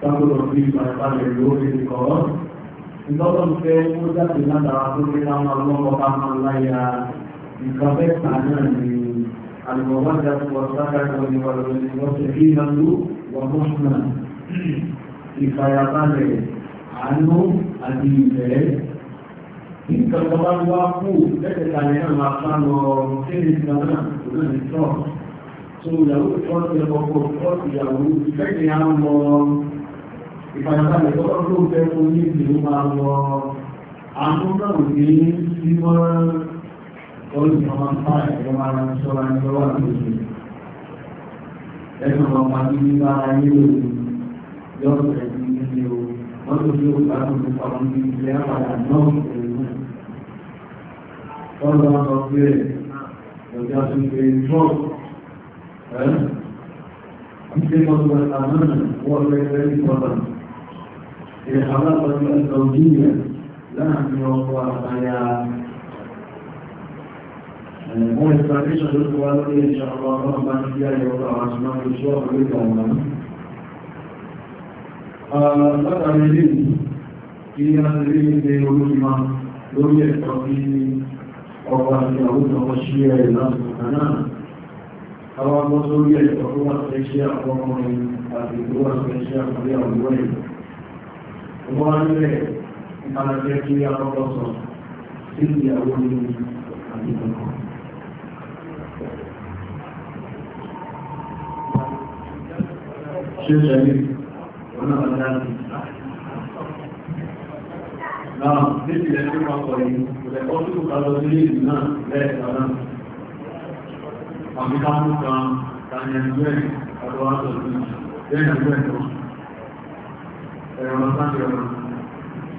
sábúrò bí ìpàdé lórí ìkọ́ ìtọ́lọ́ fẹ́ ó jáde látara tó ní láwọn ọlọ́pàá máa láyà ìkàfẹ́ tàn náà ni المودة والصدق والسكينة والرحمة ìfarabalẹ̀ àánú àti ìfẹ́ tí kankan bá wá kú lẹ́tẹ̀ẹ̀ta ní àwọn afánà kéde kanáà lórí ní tọ́ tó ìyàwó tọ́sí ọkọ̀ tọ́sí ìyàwó ìfẹ́kẹ̀ á mọ ìfarabalẹ̀ tọ́lọ́ tó fẹ́ fún ní ìlú máa lọ àánú náà ní sí wọ́n olùsìn ọmọ nípa ẹ̀rọ máa ń ṣọ́ra ní ọwọ́ àtúnṣe ẹ̀sùn ọmọ ní nípa ayé òun yọ̀ọ̀tọ̀ ẹ̀sìn nílé o wọ́n tó fi òkú àti òkúta ọmọ ní ilé àpàdà náà pẹ̀lú náà wọ́n lọ sọ pé ọjà tó ń pe trump ẹ́ more information ló wá lórí ìṣẹ́ ọmọ ọmọ bá ní bí ayọ̀ ọ̀rọ̀ àwọn àṣìmọ́ tó ṣọ́ orí ọ̀nà látàrí ilé kí a ti rí ilé olóògbà lórí ẹ̀kọ́ bí ọba ìyàwó ọmọ sí ẹ̀ lásìkò náà àwọn ọmọ sórí ẹ̀kọ́ tó wà fẹ́ ṣe àwọn ọmọ àti tó wà fẹ́ ṣe àwọn ìyàwó ẹ̀ wọ́n á nílẹ̀ ìpàdé kí a kọ́kọ́ sọ sí ìyàwó ní ṣe ṣẹlẹ̀ ọ̀nà ọ̀nà náà ní ìpìlẹ̀ tí wọ́n kọ̀ yìí ìpìlẹ̀ ọ́sùn kàlọ́ sí ìlú náà lẹ́ẹ̀kọ́lá àmìkámú kan kàníyànjẹ́ ọ̀dọ́ àtọ̀sí lẹ́yìnjẹ́ ẹ̀kọ́ ẹ̀rọ sáàbì ọ̀nà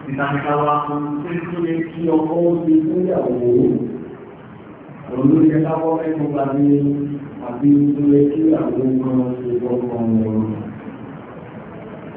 ìtàmìkáwà fún tí tí lè kí ọkọ̀ ó ti fúyàwó olórí ẹ̀káwọ́ ẹ̀kọ́ gbàgbé àbí ìtúlẹ̀ kí àwọn ọmọ ìgbọ́kàn ọ̀rọ̀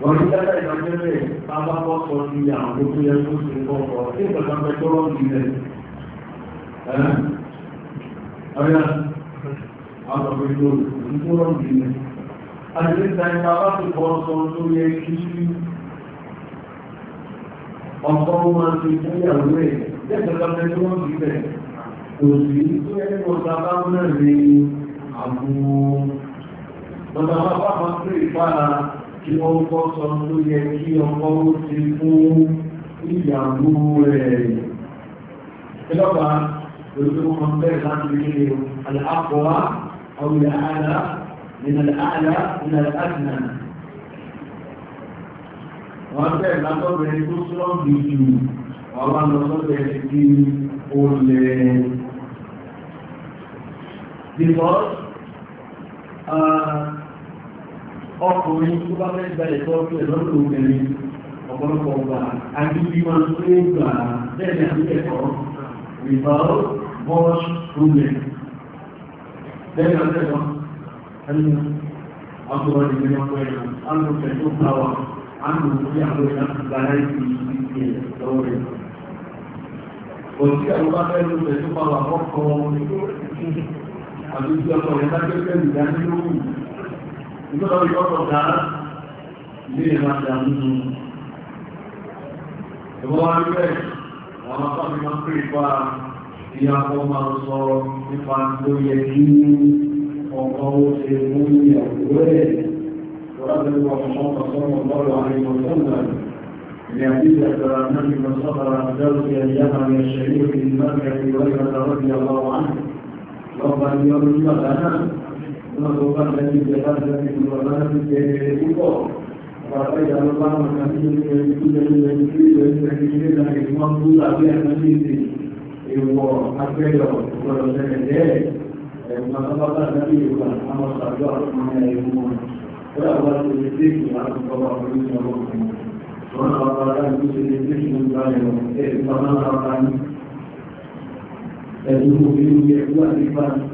wọ́n ti dáadáa ìdájẹ́rẹ́ bàbá bọ́ sọ sí àwọn tó yẹ kó ṣe kọ́kọ́ sí ìpẹ̀lú pẹ̀tọ́rọ̀ ìlẹ̀ ọ̀yá àgbàgbé tó ìpẹ̀tọ́rọ̀ ìlẹ̀ àdìríta ìta bá ti bọ́ sọ tó yẹ kí ọkọ̀ wọn ti fúyàwó ẹ̀ lẹ́tẹ̀lá pẹ̀tọ́rọ̀ ìlẹ̀ kò sí tó yẹ kí wọ́n sábà mẹ́rin àbúrò lọ́dọ̀ wọn bá wọn sí kí wọ́n kọ́ sọ tó yẹ kí ọkọ ó ti fún ìyàwó rẹ̀ ẹlọ́pàá olùdókòwò kan bẹ̀rẹ̀ láti rí ní àlàáfọ́wá ọ̀rọ̀ ilẹ̀ ààlà nínú ààlà nínú àdínà because uh, ọkùnrin tó bá fẹ́ gbalẹ̀ tó ọdún ẹ̀ lọ́dún obìnrin ọ̀pọ̀lọpọ̀ ọgbà àdúgbì máa ń pé gbà bẹ́ẹ̀ ni àdúgbẹ̀kọ́ without much problem. bẹ́ẹ̀ ni àdúgbẹ̀kọ́ ẹni ọgbọ̀n ìgbìmọ̀ ọkọ̀ ẹ̀rọ alùpẹ̀ tó pàwà alùpẹ̀ àwọn ẹ̀rọ gbàlá ìpì ìpì ẹ̀ lọ́wọ́ rẹ̀. òtí àwọn bá fẹ́ lópẹ̀ tó pàwà ọkọ̀ ọmọ ìgbọ́dọ̀ ìgbọ́dọ̀ dáa ilé ìrìnàjò àmúnú ẹ̀wọ́n wá rí bẹ́ẹ̀ àwọn afọ́fí máa ń pè pa ìyàwó máa una cosa che è importante anche per guardare che un po' guarda che hanno fatto una canzone che tutte le iscritte che si vede che non tutta via canzoni e un po' a quello quello che è una cosa da dire ma non sta già non è il mondo però guarda che si ha un po' la politica con sono la parola in cui si dice che non sbaglio e parlano la parola e il motivo che è quello di fare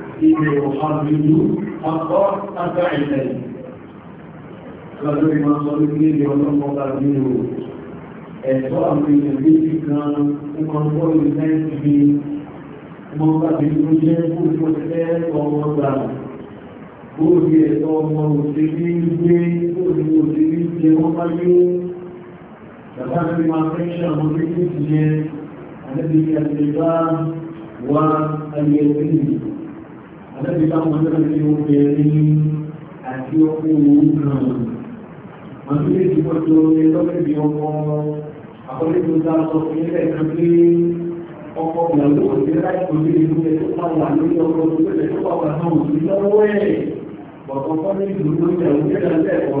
إذا يحرم حقا أربع إليه رجل ما صدقني بأن أقطع منه ẹ̀tọ́ àwọn èèyàn méjì kan ó máa ń bọ́ ìlú náìjíríà bí ọmọ bàbí tó jẹ́ púpọ̀ tẹ́ ọmọ gbà ó àwọn méjì jẹ àlẹ́bí àti ìbá wa ayẹyẹ àlẹ́bí láwọn ọjọ́ ní obìnrin àti ọkùnrin náà wọ́n tún lè dìbò tó ní lọ́gbẹ̀bí ọkọ àkọlẹ́tò tá a sọ fún ilẹ̀ kan pé ọkọ ìyàwó òṣèré láti kò ní ìlú ẹ̀ tó pa wà lórí ọkọ tó bẹ̀rẹ̀ tó pa wà náà òṣèré lọ́wọ́ ẹ̀ bọ̀kọ̀ kọ́ ní ìlú ló jẹ́ òṣèré lẹ́ẹ̀kọ́ tó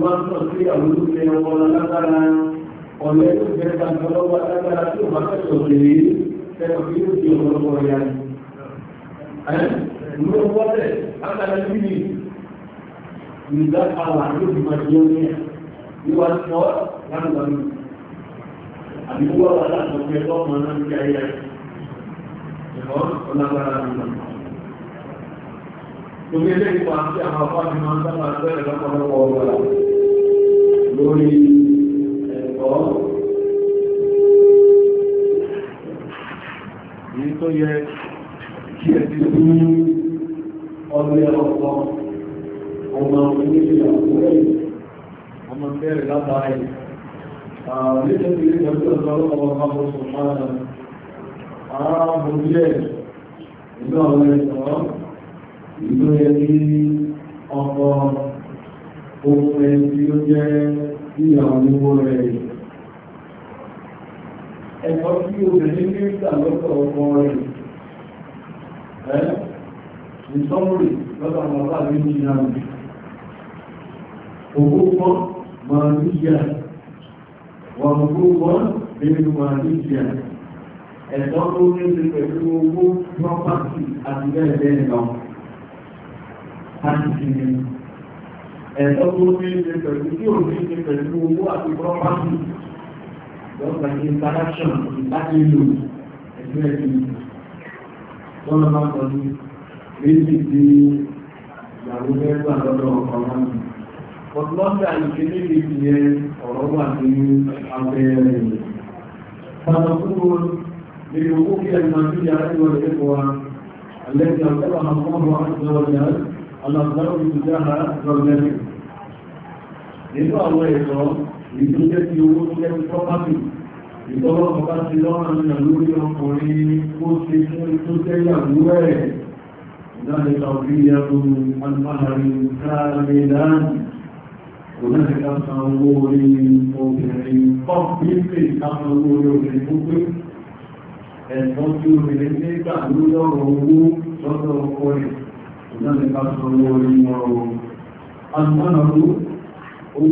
bá ń sọ sí àwọn olùfẹ́ ọkọ lágbára ọ̀lẹ́ tó fẹ́ ta lọ́wọ́ lágbára tí ò bá fẹ́ sọ̀rọ̀ ìlú ọgbọ́tẹ̀ látàrí bíbí ìgbà àwà yóò fi máa jẹun ní ìwà sọ lánàánú àbíkú wà wà láti ọjọ́ ẹgbẹ́ ọmọ náà ní ayé ayé ẹ̀họ́ ọlágbára nínú Omi ilé ìpò àti àwọn afọ́jú máa ń sábà lórí ẹ̀kọ́ èyí tó yẹ kí ẹ ti sí ọlẹ́ ọ̀pọ̀ ọmọ oníṣẹ́ àkúrẹ́ ọmọ bẹ̀rẹ̀ látàrí nígbà tí ilé ìjọba ọlọ́pàá ọmọ ọmọ sọ̀rọ̀ ara ọmọ ilé ìlú àwọn ẹ̀sọ́ ìlú ẹni ọkọ̀ ohun ẹni tí ó jẹ́ ìyàwó owó rẹ̀ ẹ̀kọ́ tí obìnrin ní ìgbà lọ́pọ̀ ọkọ̀ rẹ̀ ẹ́ ìtọ́mùrì lọ́dọ̀ àwọn ọ̀pá mi ní ìyàwó òkú pọ́ máa ní ìyà wà òkú pọ́ nínú máa ní ìyà ẹ̀tọ́ tó ní ti pẹ̀lú owó pọ́pátì àti bẹ́ẹ̀ bẹ́ẹ̀ lọ ẹ̀tọ́ tó ní ti pẹ̀lú tí ò ní ti wọ́n lọ máa pọ̀lú méjì tí ìyàwó mẹ́gbà lọ́dọ̀ ọkọ̀ wọn ni ọ̀tọ́lọ́gbà ìkéde lè fi yẹ ọ̀rọ̀ wà ní abẹ́ rẹ̀ pàtó kúrò ní owó kí ẹni máa fi yàrá ìwọ̀n lè fọ́ wa alẹ́gbẹ̀ ọ̀tọ́lọ́ àwọn ọmọ àti ọ̀rẹ́ aláàbùdáwò ìjọba lọ́lẹ́ nínú àwọn ẹ̀tọ́ ìdúnjẹ́ ti owó tó jẹ́ ìtọ́lọ́pọ̀ bá ti lọ́nà nínú lórí ọkùnrin ó ti fún tó tẹ́yàwó ẹ̀ ìdájẹta orí ẹrùn alfáàrin káàrẹ̀dán kò náà ti káàkàn owó orí obìnrin kọ́pípẹ̀ káàkàn owó orí obìnrin púpẹ́ ẹ̀tọ́ tí obìnrin nígbà lóyọ̀rọ̀ owó lọ́dọ̀ ọkọ rẹ̀ kò náà ti káàkàn owó orí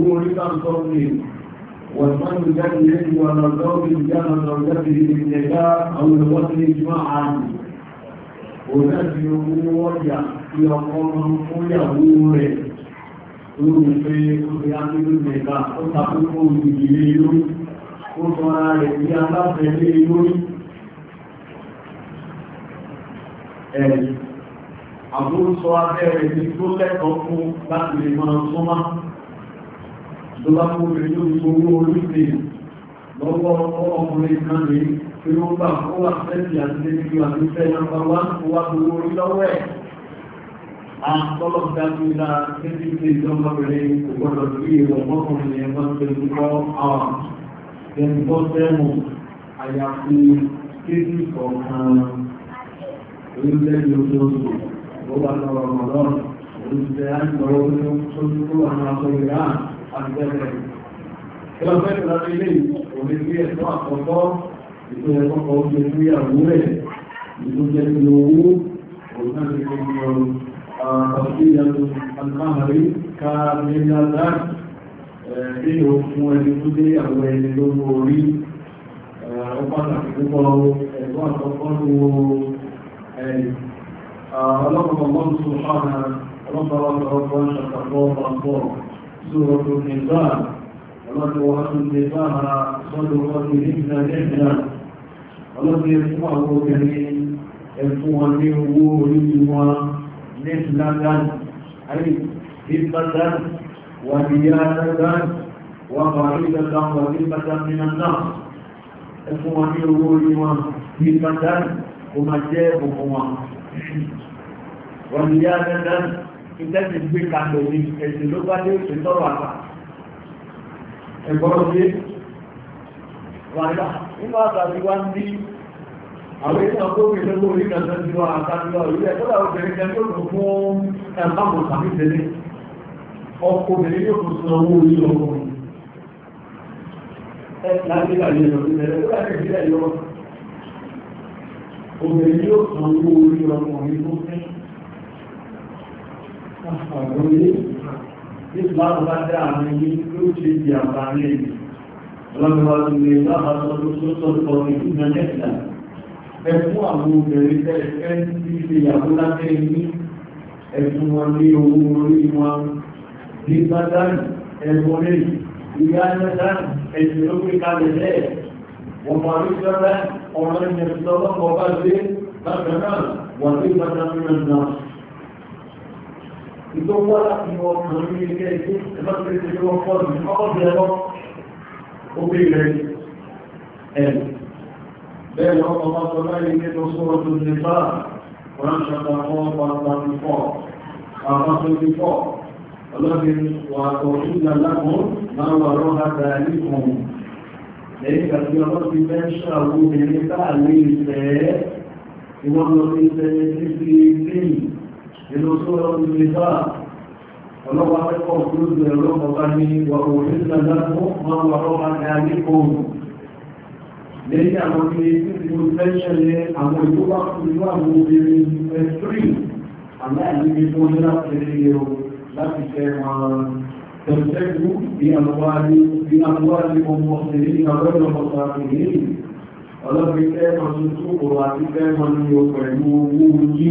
wọn والمن يجلد ونرضوه كان زوجته بالنكاح أو الوصل إجماعا ونبيه وجع في قومه ويهوه olùfẹ́ olùyàmílú mẹ́ta ó tàbíkò ìdílé lórí ó tọ́ra rẹ̀ ní aláfẹ́lé lórí ẹ̀rì àbúrúsọ abẹ́rẹ̀ ní tó lẹ́kọ̀ọ́ fún láti lè máa súnmá tó bá mú obìnrin ló fi owó olùdè lọ́wọ́ ọkùnrin kan rí tí ó bá ó wà fẹ́sì àti tẹ́sí àti fẹ́ nàmbà wá ó wá gbogbo orí lọ́wọ́ ẹ̀ àtọ́lọ̀ dájú ìlà tẹ́sí tí ìjọmọ́bìnrin kò gbọ́dọ̀ sí ìwọ̀ ọkùnrin yẹn bá ti ń kọ́ àwọn ẹnìkọ́ sẹ́mù àyàfi kéjì kọ̀ọ̀kan orílẹ̀-èdè oṣooṣù ó wà lọ́rọ̀ mọ̀lọ́rùn orílẹ̀-èdè àjọ orí tó ń tó àwọn akọ̀wé náà àgbẹ̀rẹ̀. Ìlọ́fẹ́ ìlànà ilé òní sí ẹ̀tọ́ àkọ́kọ́ ìtò ẹ̀kọ́kọ́ oúnjẹ sí ìyàwó rẹ̀, ìtò jẹ́ sí owó, Ọlọ́pàá ọmọ ọmọ ṣùgbọ́n ọ̀nà ọlọ́pàá ọmọ ọmọ ṣàtàkọ́ ọmọ ọmọ سورة النساء التي وعدت النساء صدقتهن نعمة التي يسمعه كريم ẹ̀fún wọn ní owó orí wọn ní ìlànà àrí ìpàdà wà ní yára wà bàrí ìdàdà wà ní ìpàdà mìírànà ẹ̀fún wọn ní owó orí wọn ní ìpàdà kò máa jẹ́ ọkùn wọn wà ní yára ìtẹ́sì gbé kalẹ̀ ní ẹ̀sìn ló bá dé òṣè tọ́rọ àgbà ẹ̀gbọ́n dé wàlá nínú àtàrí wá ń bí àwọn èèyàn tó fi lọ́wọ́ orí kankan ti wá àtàríwá orí ẹ̀ tọ́lá obìnrin kan yóò tún fún ẹ̀fà kò sàmì tẹ̀lé ọkọ̀ obìnrin yóò tún san owó orí ọkọ̀ ẹ̀ láti ìlànà ìlànà ìlànà ìlànà ìlànà ìlànà obìnrin yóò san owó orí ọkọ̀ orí tó fẹ́ اس بات بات آنے کی کیوں چیز کی آپ آنے کی رنگ بات میں نہ ہر سب سو سر پونے کی نہ نہیں جائے ایسو آمون کے لئے کہ ایسی چیز سے یا بنا کے لئے ایسو مانی ہوں اور ایمان دیتا جائے ایسو نے دیا ہے جائے ایسی لوگ کے کارے سے وہ مانی کر رہے ہیں اور انہیں نفسہ موقع دے تک جنا وہ دیتا جائے میں نفسہ ìtò wọ́n láti wọ ọkùnrin ní ilé ẹgbẹ́ ìlọ́sílẹ̀ tí wọ́n fọ́ ní ọkọ̀bí ẹ̀rọ obì rẹ̀ ẹ̀rù bẹ́ẹ̀ lọ ọmọ sọ láyé ní tó sọ́rọ̀ tó lè bá ránṣọ́ta wọn pàtàkìfọ́ pàtàkìfọ́ ọlọ́bìn wà ọ̀ṣúgbà lákùn máa wà rọ́ha dàrí kan lẹ́yìn kàtí ọlọ́bìn fẹ́ ṣàwó nínú sọ́rọ̀ ìgbésà ọlọ́wọ́ akẹ́kọ̀ọ́ tó lè ọlọ́pọ̀ bá ní wà òfin lọ́dọ́ máa wà lọ́wọ́ àgbáyé kóòrùn lẹ́yìn àwọn ilé tí ó fẹ́ ṣẹlẹ̀ àwọn ìlú bá kú nínú àwọn obìnrin ẹ̀sírì aláìlúgbé tó ní láti rí ẹ̀rọ láti fẹ́ máa tẹ̀sẹ̀kú bí àlúwárí ọmọ ìrìn àwẹ́rẹ̀ ọmọ ìrìn ọlọ́pìn fẹ́ mọ̀ tuntun àti fẹ́ mọ̀ ní ọ̀pẹ̀lú owó yìí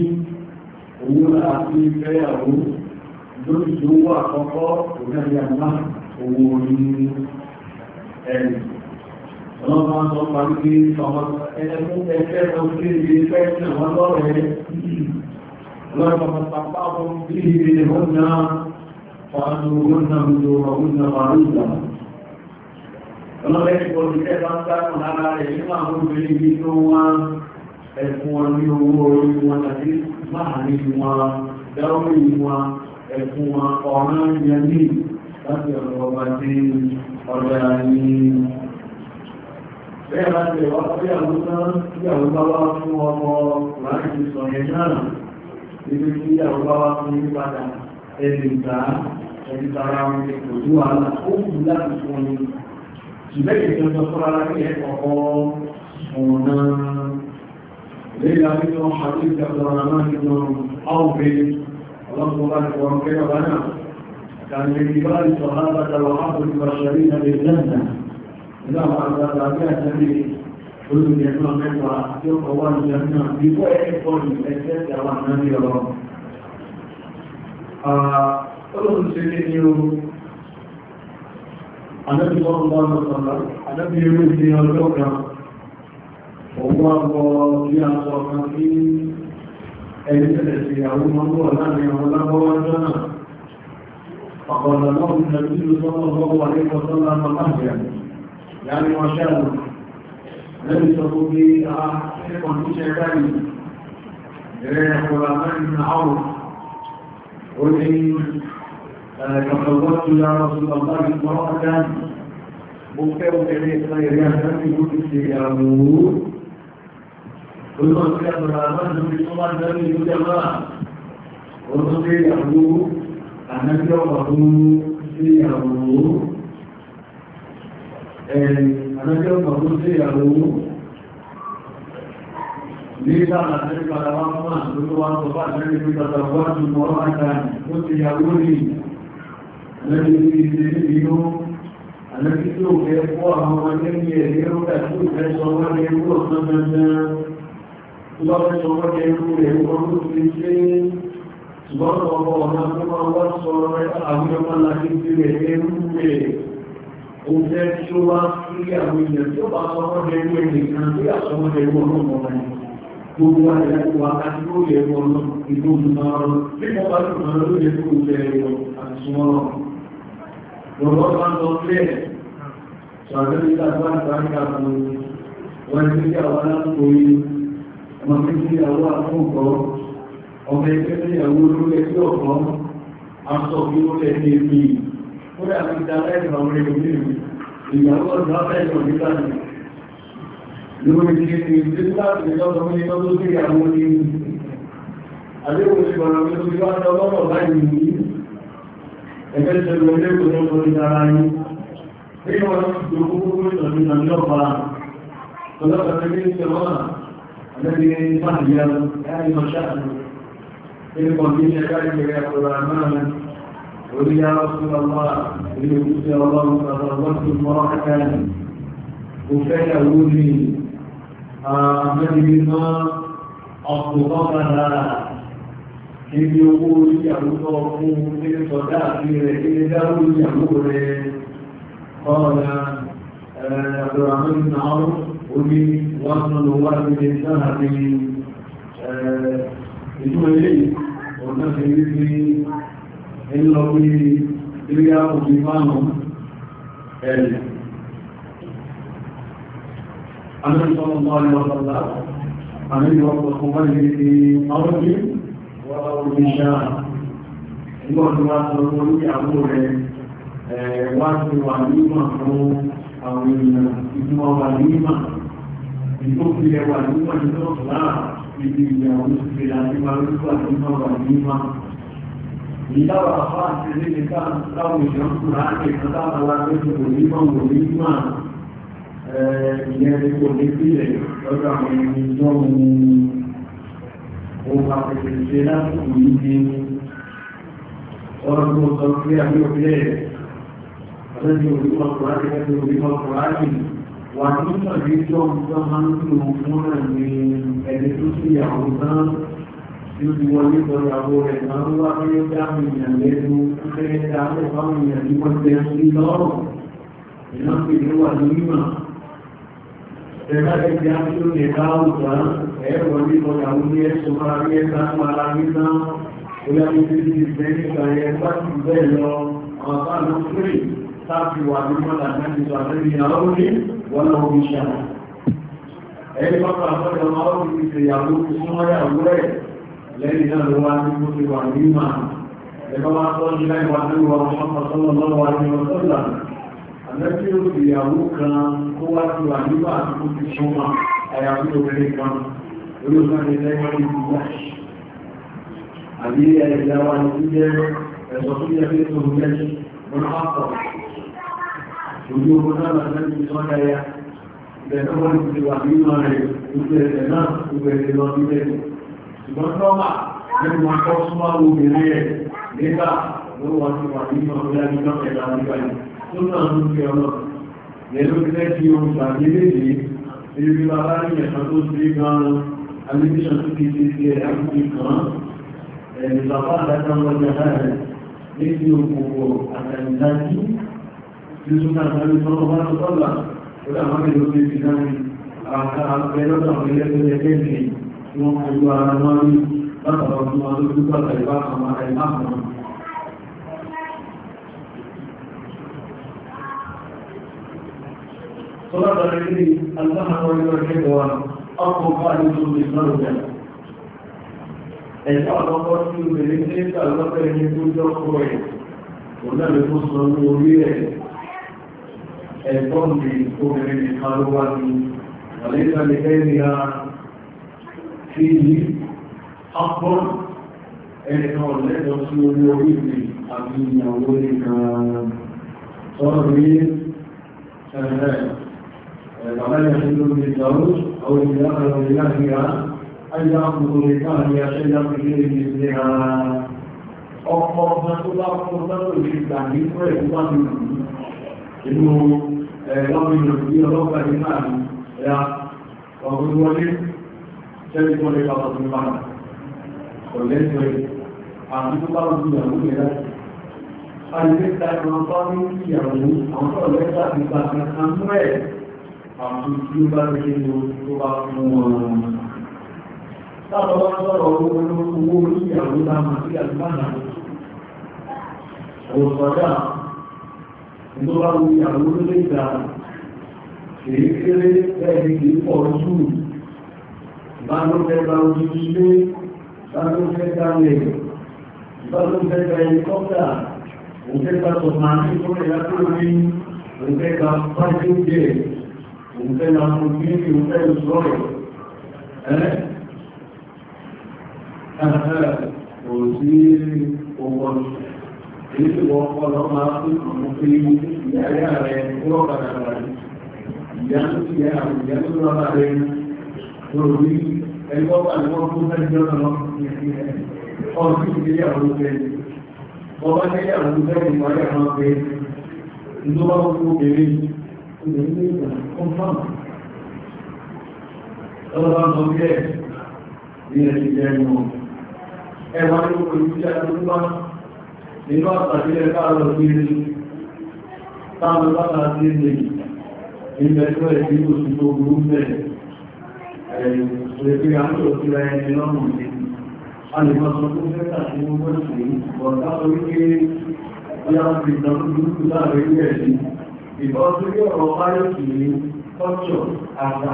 òun àti ìfẹ́yàwó lórí tó wà àkọ́kọ́ òmìnira máa owó orí ẹ̀rì wọ́n máa sọ parí pé ọmọ ẹgbẹ́ wọn sí ilé ẹgbẹ́ sí àwọn lọ́rẹ̀ẹ́ lọ́rẹ̀ ọmọ pàpá wọn sí ilé wọn náà fàánù wọn náà ń lo ọdún náà ní ìgbà ẹ̀fún wọn ní owó orí wọn tàbí láàrin wọn dáwọ́ wọn ẹ̀fún wọn ọ̀rán yẹn ní láti ọ̀rọ̀ ọba tí ọ̀dà ní bẹ́ẹ̀ láti ẹ̀wọ́ sí àwùjọ tí àwùjọ wá fún ọmọ láti ti sọ yẹn náà níbi tí àwùjọ wá fún yí padà ẹni ìgbà ليلى بن حبيب عبد الرحمن بن عوف اللهم بارك وانقر لنا كان من كبار الصحابة وحفظ المبشرين بالجنة اللهم عز وجل النبي قلت الجنة منها يوم أول الجنة بفعل قول الأساس على النبي الله قلت سيدي النبي صلى الله عليه وسلم النبي يقول في الكوكب ọgbọ́ agbọ́ tí a sọ kan sí ẹni tẹ̀lẹ̀ sí àwọn ọmọ láàrin àwọn lábọ́wá jọ́nà ọ̀pọ̀lọpọ̀ ìjọba ìjọba ọgbọ́ àríkọ̀ọ́sọ́ láàrin láàrin yàrí wọn ṣẹ́rù lẹ́bí sọ fún bí a ṣẹ́kọ̀ọ́ ní ṣe ráyì ẹ̀rẹ́ ọ̀pọ̀lọpọ̀ láàrin àwọn ó ní كفرت يا رسول الله امرأة مكتوب إليك يا أخي في الأمور olùkọ́ sí àbúrà lọ́dún tó wá lọ́dún ìlú jẹmọ́ ó tó pé ìyàwó ànájọ́ ọ̀pọ̀ sí ìyàwó ànájọ́ ọ̀pọ̀ sí ìyàwó ní sáàmà sí ìpàdàwà fún àtúntò wọn tó bá lẹ́yìn tó tàbí wọ́n tó mọ́ àtàrí ó ti yàwó ní lẹ́yìn tí ìdè nínú àlẹ́kí tó fẹ́ fún àwọn ọmọdé ní ẹ̀rẹ́ ó kà tó ìfẹ́ sọ wọ́n ní ẹgbẹ́ ọ̀sán lọ́pẹ́ tó wọ́n jẹ irú rẹ̀ orú ti ṣe ṣùgbọ́n ọmọ ọ̀nà tó máa wọ́n sọ rẹ̀ àwọn ọmọ láti ti rẹ̀ irú rẹ̀ o fẹ́ tí ó wá sí àwọn èèyàn tí ó bá sọ wọ́n jẹ irú rẹ̀ nìkan tí àṣọ wọ́n jẹ irú ọlọ́mọ rẹ̀ gbogbo wa ìyá wa àti ó yẹ wọn lọ ìlú ìmọ̀ràn bí wọ́n bá lù wọn ló yẹ kó o jẹ ẹ̀rọ àti súnmọ́rọ̀ lọ́wọ́ bá lọ sílẹ̀ ṣàlẹ́ ọmọ tí kí ìyàwó àtúnkọ́ ọmọ ẹgbẹ́ tí ìyàwó olóògbé tí ọ̀kan aṣọ bí ó lẹ̀ ní èmi ó dà bí dáadáa ìgbà orí omi ìyàwó ọ̀dọ́ abẹ́jọ nígbà ní lórí ti ní ìdílá ìjọba ní ọdún sí ìyàwó ní àdéhùn ìgbọ̀nà mi lórí wá ń lọ lọ́rọ̀ báyìí الذي مهجر يعني مشاعر يلقى في شكائك يقول اماما قل يا رسول الله ليغفر الله تضررت امرأة وفتوه مدينة أصدقائها كيف يقول يقول في صداقه إذا يقول قال آه، عبد الرحمن بن عوف orí wọ́n tún lọ wá nílé náà ní ìjú ilé ọ̀nà ti rí sí ẹlọ pé ilé àkùnrin fánà ẹ̀lẹ̀ Àmìsọ́nà bá ní ọ̀sọ̀lá, àmì ìwọ̀pọ̀ fún wọ́n ní ti àwọn ìlú wọ́n láwọn ìṣẹ́ ìgbọ́n tó wá sọ lórí àwọn rẹ̀ wá sí wà ní ìmọ̀ fún àwọn ènìyàn ìgbọ́n wà ní ìmọ̀ ìtòkìlẹ̀ wà ní wọ́n ní wà nínú ìjọ tó máa ń lò fún ẹ̀mí ẹni tó sí ìyàwó náà tí ó ti wọlé sọ ìyàwó rẹ̀ náà wá pé ó dá mi ìyàn lẹ́nu pé dá lè bá mi ìyàn ní wọ́n tẹ́ sí lọ́rùn ìná pè ní sáàpì wà ní mọ́ta mẹ́rin tó àtẹ́bí ìyàwó ní wọ́n lọ omi ṣe àmà ẹni pọ́pọ̀ àtọ́jọ máa ó fi ṣe ìyàwó ti súnmọ́ ìyàwó rẹ̀ lẹ́yìn náà ló wá ní kó ti wà ní mà ẹ̀kọ́ máa tọ́ ní láì wá ní wà wọ́n pàtọ́lọ́ lọ́wọ́ ní ọ̀tọ́lá àtẹ́bí ó fi ìyàwó kan kó wá ti wà ní mà tó ti súnmọ́ àyàwó obìnrin kan olóògbé lẹ́wọ́n ní ìgbà àbí ẹ̀yà wa ní jẹ́ ẹ̀sọ́ tó yẹ fẹ́ tó rú lẹ́yìn wọn á pọ̀ ojú ogun náà lọ sí ìṣọ́nà ẹ̀yà ìbẹ̀rẹ̀ wọ́n ti wà nínú rẹ̀ ìbẹ̀rẹ̀ náà ìbẹ̀rẹ̀ lọ sí bẹ̀rẹ̀ ṣùgbọ́n tọ́mà nínú akọ́ súnmọ́ obìnrin rẹ̀ nígbà ló wà ti wà nínú ọ̀rẹ́ àjọ ẹ̀dá nígbà yìí tó náà ń fi ọ̀nà yẹ̀lú fẹ́ kí o gbàgbé léde ibi bàbá ní ẹ̀sán tó ṣe gan-an alẹ́bíṣàn tó ti ṣe tí ó tún náà lórí tọ́lọ́ bá tó tọ́lá ó dà máa lè lórí ti náà àkà àpẹẹlọ́dọ̀ àwọn ilé tó yẹ kẹ́ẹ̀kì tí wọ́n kò ju ara wọn rí látàrà ọdún wọn lórí tó tọ́lá ìbá kan máa ẹ̀ máa kan tọ́lá tọ́lá ní aláhàn wọn yóò kẹ́kọ̀ọ́ wa ọkọ̀ bá ní tó lè sọ́rọ̀ jẹ́ ẹ̀ka ọ̀dọ́kọ́ tí obìnrin tí ń kà lọ́pẹ́ ní tó jọ́ kọ́ ẹ̀ òun náà lè tó sọ ní orí ẹ̀ ẹ̀tọ́ ní obìnrin nìkan ló wá ní àlẹ́sà lè fẹ́ ní a fi ní apọ́ ẹ̀ẹ̀kan lẹ́tọ̀ sí orí orílẹ̀ àti ìyàwó nìkan sọ́rọ̀ ní ẹ̀rẹ́ ẹ̀bàbáyà sí lórí ìdàrú àwọn ìyàwó ìyàwó ayé àkùnrin káàrí aṣẹ́yà pẹ̀lú ìgbésẹ̀ ara ọkọ̀ ọmọ tó bá fún ọmọ tó ìgbà nípa ẹ̀kú bá mi lù inú eh, lọ́gbìnrin òbí ọlọ́pàá ní náà ẹ̀yà ọgbọ̀n wọlé ṣẹ́lẹ̀ tó lè pàtàkì ní bára ọ̀lẹ́sẹ̀ àti tó bá gbogbo ìyàwó rẹ̀ láti alẹ́ta ìwọ̀n bá ní ìyàwó àwọn ọ̀lẹ́ta ti bá ti kan mẹ́ àti tí ó bá rẹ̀ lọ tó bá fún wọn Táàbọ̀ sọ̀rọ̀ owó orí ìyàwó lámà sí àgbàdà. Òṣọ̀dá tó bá wù àwọn olóògbé ìta èyí kéré ẹ̀rí kìí pọ̀ jù bá ló fẹ́ bá ojú ilé bá ló fẹ́ dálẹ̀ bá ló fẹ́ gba ẹlikọ́pítà òun fẹ́ gba sọ̀tún àti tó rẹ̀ láti orí òun fẹ́ gba pàṣẹ oúnjẹ òun fẹ́ gba ojú ilé òun fẹ́ lọ sọ̀rọ̀ ẹ́ kò èyí tí wọ́n kọ́ lọ máa fún ọmọ pé ìyá ìyá rẹ̀ wọ́n padà wà ní ìyá tó ti yẹ àwọn ìyá tó lọ bá rẹ̀ lórí ẹgbẹ́ wà ní wọ́n fún fẹ́ẹ́ jọ́nà lọ ọ̀rọ̀ sí ìdílé àwọn ọ̀gbẹ́ ọba ní àwọn ọ̀gbẹ́ ìwà rẹ̀ máa pé ìlú bá wọ́n fún obìnrin obìnrin ní ìgbà kan fáwọn ọlọ́wọ́ sọ bí ẹ̀ ní ẹ̀ ti jẹ́ ẹ̀wọ̀n ẹ̀wọ̀n ní orí ìjà tó bá inú àtàkílẹ̀ káàrọ̀ kiri táàmù látà sí ilé ìgbẹ̀tọ́ ẹ̀kí oṣù tó burú bẹ̀rẹ̀ ẹ̀rẹ̀kí àmúlò sí ẹni lọ́rùn sí a lè máa sọ tó fẹ́ tàbí gbogbo sí ọ̀dá orí pé ọya ti tàbí burúkú láàrin ilẹ̀ sí ìbọn tó yẹ ọ̀rọ̀ báyọ̀ sí ní tọ́jọ̀ àgbà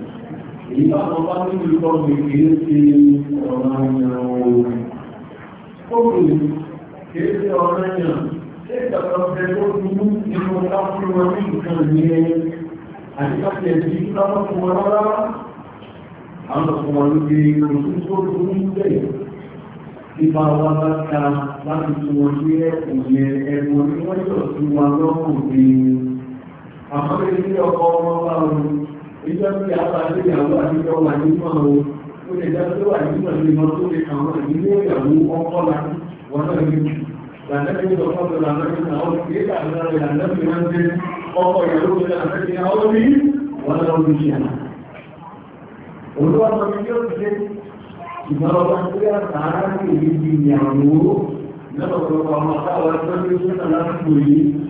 èyí àwọn bá ní ìlú ọmọ ìkéé sí ọ̀rọ̀ àyàn oòrùn kókùnrin kéé sí ọ̀rọ̀ àyàn ṣe ìtàkọ̀ọ̀fẹ́ tó dúdú nínú káfí wọn ní nǹkan ní àti káfí ẹ̀sí láwọn fún wọn rárá ìjọ tí a bá ṣe ìyàwó àtijọ́ wà nínú àwọn ó lè dá tó wà nínú ìmọ̀ tó lè àwọn ìlú ìyàwó ọkọ́ la wọ́n náà ní lànàbí ní ọkọ́ tó lànàbí ní àwọn ìgbésà lọ́rẹ̀ lànàbí máa ń dé ọkọ̀ ìyàwó tó lànàbí ní àwọn orí wọ́n náà ní ṣe àná. olúwa sọ ní yóò ṣe ìgbàlọ́wọ́ tó yà sàárà ní ìlú ìyàwó lọ́wọ́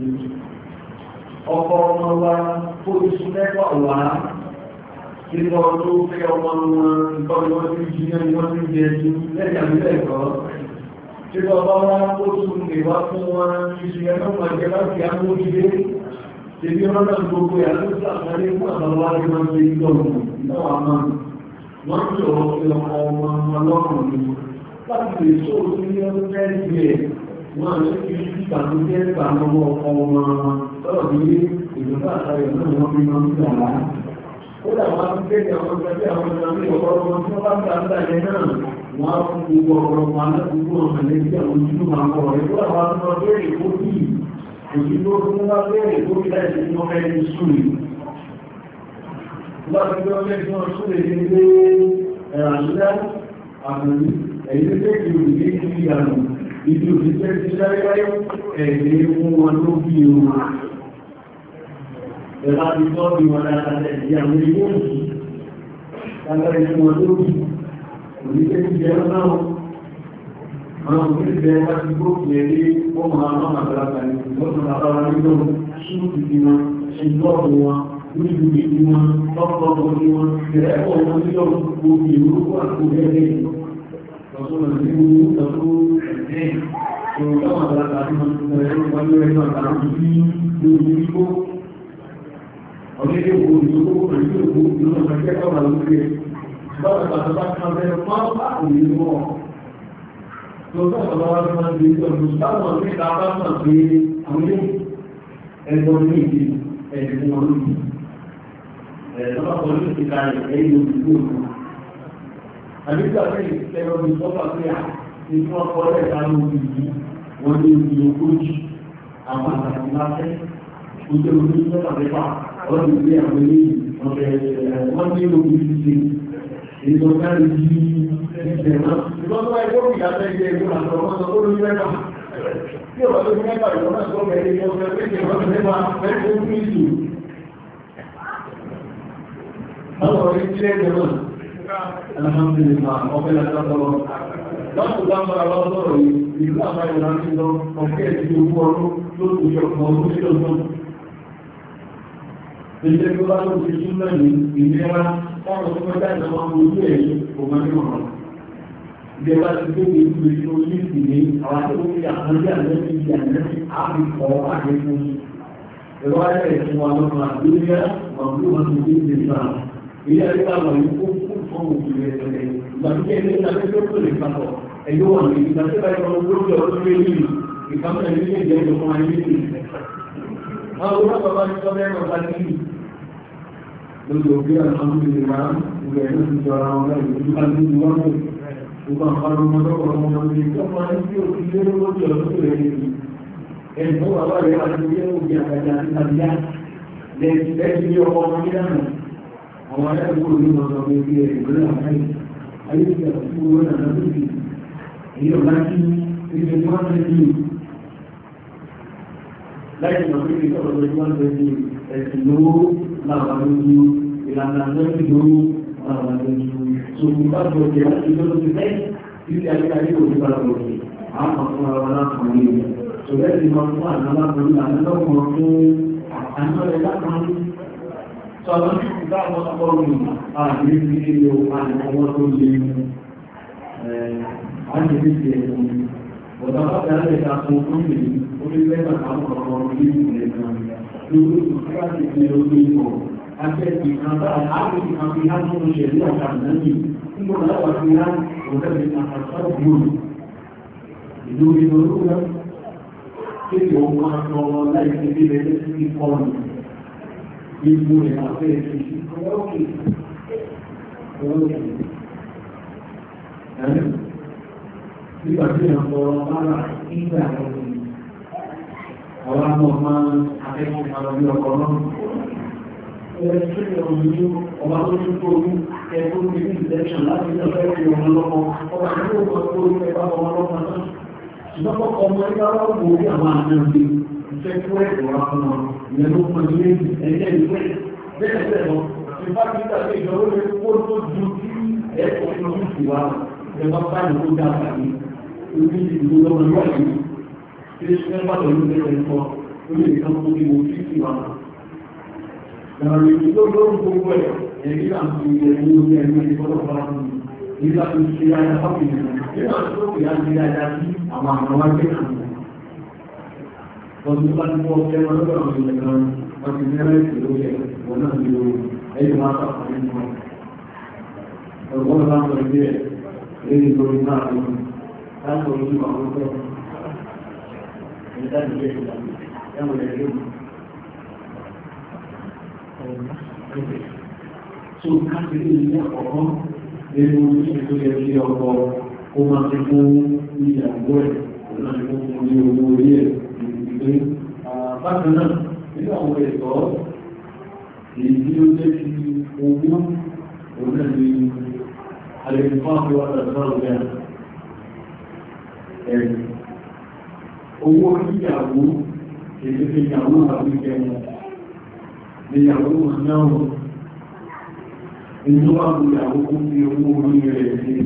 ọkọ̀ ọmọ wa fóòsù mẹ́fà wà nígbà tó fẹ́ ọmọ wọn nǹkan ni ti jí náà wọ́n ti jẹ tí wọ́n ti ń lọ́rùn náà àmọ́ wọ́n ti ọ̀rọ̀ ọmọ ọmọ ọlọ́run ni láti lè sóòtú ní ọdún mẹ́rin wọ́n ń fi ìbànújẹ́ àwọn ìgbàgbé àwọn ìgbàgbé ọ̀pọ̀ ọmọ tí wọ́n bá gbà ń gbàgbé náà wọ́n á fún gbogbo ọ̀rọ̀ wọn alágbogbo ọ̀hàn lẹ́sí àwọn ojúlù máa ń kọ̀ rẹ̀ tó àwọn ọmọ bẹ́ẹ̀ kó bì òsì tó fún wá bẹ́ẹ̀ kó bì láì sí Ibi òṣìṣẹ́ ti ṣáyẹ́ ẹ̀gbẹ́ fún wọn ló bí wọn. Ẹ̀bá ti tọ́ bí wọn lára ẹ̀dí àwọn ilé òṣì. Lágbàrí fún wọn ló bí. Òṣìṣẹ́ ti jẹ́ náà. Àwọn òṣìṣẹ́ bá ti gbókùn ẹ̀dí wọ́n máa máa wọn, ṣe lọ́ọ̀dù wọn, níbi ìdí wọn, ìrẹ́pọ̀ wọn nílọ́ọ̀dù gbogbo ìrúkọ àkójẹ́ lẹ́yìn. Ọ̀sán Ẹgbọ́n ní ìdí ẹ̀dùn olóògùn. Ẹ̀lọ́pàá pọ̀lú ìkàrẹ̀ ẹ̀yìn olùgbò. Àbíkà sí ẹ̀rọ ìsọ́pàá sí àà ní kí wọ́n kọ́ lẹ́ẹ̀ta lórí ìlú wọ́n ní ibi ogójì àwọn àtàkì láfẹ́ ó jẹ́ orí mẹ́ta mẹ́fà ọdún ilé àwọn eléyìí ọ̀fẹ́ wọ́n ní omi ṣíṣe èso káàrí yí ìṣẹ̀ náà ìgbọ́n tó wáyé tó fi ìdájọ́ ilé ẹgbẹ́ àti ọmọ sọ lórí mẹ́ta tí ọ̀rọ̀ tó fi mẹ́ta ìwọ́n náà sọ bẹ̀rẹ̀ ilé ọ̀fẹ́ pé ìjọba mẹ́ta mẹ́ta ó fi ìṣù Alhamdulillah, ọ̀pẹ́lẹ̀ tọ́tọ́lọ́ láti dámọ́ra wá sọ̀rọ̀ ìlú àbáyọ̀ láti lọ ọ̀kẹ́ ìdí owó ọdún tó kù yọ ọmọ ọdún sí ọdún. Ilé tó bá ló ti súnmọ́ ní ìlera fọ́nà tó mẹ́ta ìjọba ojú ẹ̀ ọmọ ní ọ̀nà. Ìjọba ti tó ní ìlú ètò orí ìsìnlẹ̀ àwọn akẹ́kọ̀ọ́ ní àkọ́jú àlẹ́bí ìdí àlẹ́bí àbíkọ́ àgbẹ̀fọ́. Ẹ̀rọ ayẹyẹ ìtumọ̀ àwọn àgbẹ̀yẹ ọ̀gbọ́n tó ti dé ìlú ohun ìrẹsẹ̀ ìgbàlódé ẹgbẹ́ ìgbàlódé tó tó lè papọ̀ ẹ̀yọ́ wà ní ìgbàlódé bá yọ lórí ọdún lé nínú ìgbàlódé ní ilé ìjẹ́ ìjọba ayé nínú àwọn olóògbé bá ti sọ́dọ̀ ẹ̀rọ bá ti yìí lórí òbí àtàwọn ìlú máa ń gbé ẹ̀rọ ti jọra wọn láì lójú bá ní wọn lò gbogbo àpárọ̀ ọmọdọ́kọ̀ ọmọ ní ìjọba ayé tí ó ti lé lórí ọdún tó lè nínú ẹ̀rọ wà wà rẹ̀ wà ní ilé òbí àtàjà àti àbíyá lẹ́yìn lẹ́yìn ọmọ ọmọ nílànà àwọn akẹ́kọ̀ọ́ ní ọjọ́ orí ẹ̀ ìgbẹ́lẹ̀ àkáyì ayélujára àti owó ẹ̀ àdábìlì èyí ọ̀la kí ilé tí wọ́n tẹ̀lé láti mọ̀ pé ìṣẹ́ ọ̀dọ́ tí wọ́n tẹ̀lé ẹ̀sìn lówó làwọn lójú ìlànà lẹ́sìn lówó làwọn lójú ṣòkùn bá bọ̀ jẹ́ láti lọ́dọ̀ ti fẹ́ ilé ayélujára yóò ti bá lọ sí àwọn fún ara wọn láti wọn ní ìṣòlẹ́sìn máa fún àná láti wọn ní àná lọ́kùnrin fún àná Sọ̀rọ̀ ní ìgbà àwọn akọrin àti ìdílé àwọn tó lè mú àti ìdílé ẹ̀kùn. Ọ̀dá bá tẹ́lá lè ta fún oúnjẹ orílẹ̀-èdè àwọn ọ̀pọ̀ orílẹ̀-èdè ìrìnà. Lórí òṣìṣẹ́ àti ìpínlẹ̀ orí ìkọ̀. Akẹ́kì kan bá àwọn ìkan fi há tó ń ṣe ní ọ̀gá ìdánjì. Nígbà láwọn fi há òṣèlú àkàtà ìgbòrò. Ìlú ìlú olóògbé kéèkì ọmọ akọ láìsí ilé ẹgbẹ́ sí ìkọlù gbogbo ẹ̀ àfẹ́ ìṣẹ́ṣẹ́ ọlọ́kì ọlọ́kì ẹ̀rẹ́ nígbà tí a sọ bára nígbà ẹ̀rọ àwọn àmọ́ máa akẹ́kọ̀ọ́ máa lọ bí ọkọ̀ náà ẹ̀rẹ́ tí ó ń yọ ọba tó tún tó orí ẹ̀kọ́ ní ìdẹ́ṣàn láti lọ́fẹ́ ìwọ̀n ọlọ́mọ ọba tó ń bọ̀ tó orí ẹ̀bá ọmọ ọlọ́mọ náà ṣùgbọ́n ọmọ ẹgbẹ́ ọlọ́mọ orí àwọn àmì iṣẹ́ tó ẹ̀kọ́ wá fún wọn ìyẹn ló ní méjì ẹ̀yẹ ìwé bẹ́ẹ̀ bẹ́ẹ̀ lọ ìfá títà pé ìjọba lè kó tó ju kí ẹ̀kọ́ tó ń sì wá ìjọba báyìí tó dá àbàní orí ìlú lọ́wọ́ lọ́wọ́ yìí kí ló ṣe bá lọ́wọ́ lọ́wọ́ ẹ̀kọ́ ó lè kán kó bí mo fi sì wá. Ìrọ̀lẹ́ ìlú ló ń gbogbo ẹ̀ ẹ̀rí à ń fi ẹ̀rí orí ẹ̀rí ẹ̀rí wọ́n ti bá nípa ọ̀fẹ́ wọn lọ́dọ̀ àwọn ilẹ̀ kan wọ́n ti mẹ́rẹ́ ìṣòro yẹ wọ́n náà ní orí ẹ̀yìn máa bá àwọn ẹni wọn. ọ̀gbọ́n bá ń sọ ilé ẹ̀ lórí lórí náà pé bákan náà nínú àwọn ẹ̀tọ́ èyí tí ó jẹ́ ti owó òun náà ni àlẹ́kùnkọ́ owó ìyàwó èdè fi ìyàwó àwọn ìjẹun ìyàwó náà ìjọba ìyàwó kún sí owó orí rẹ̀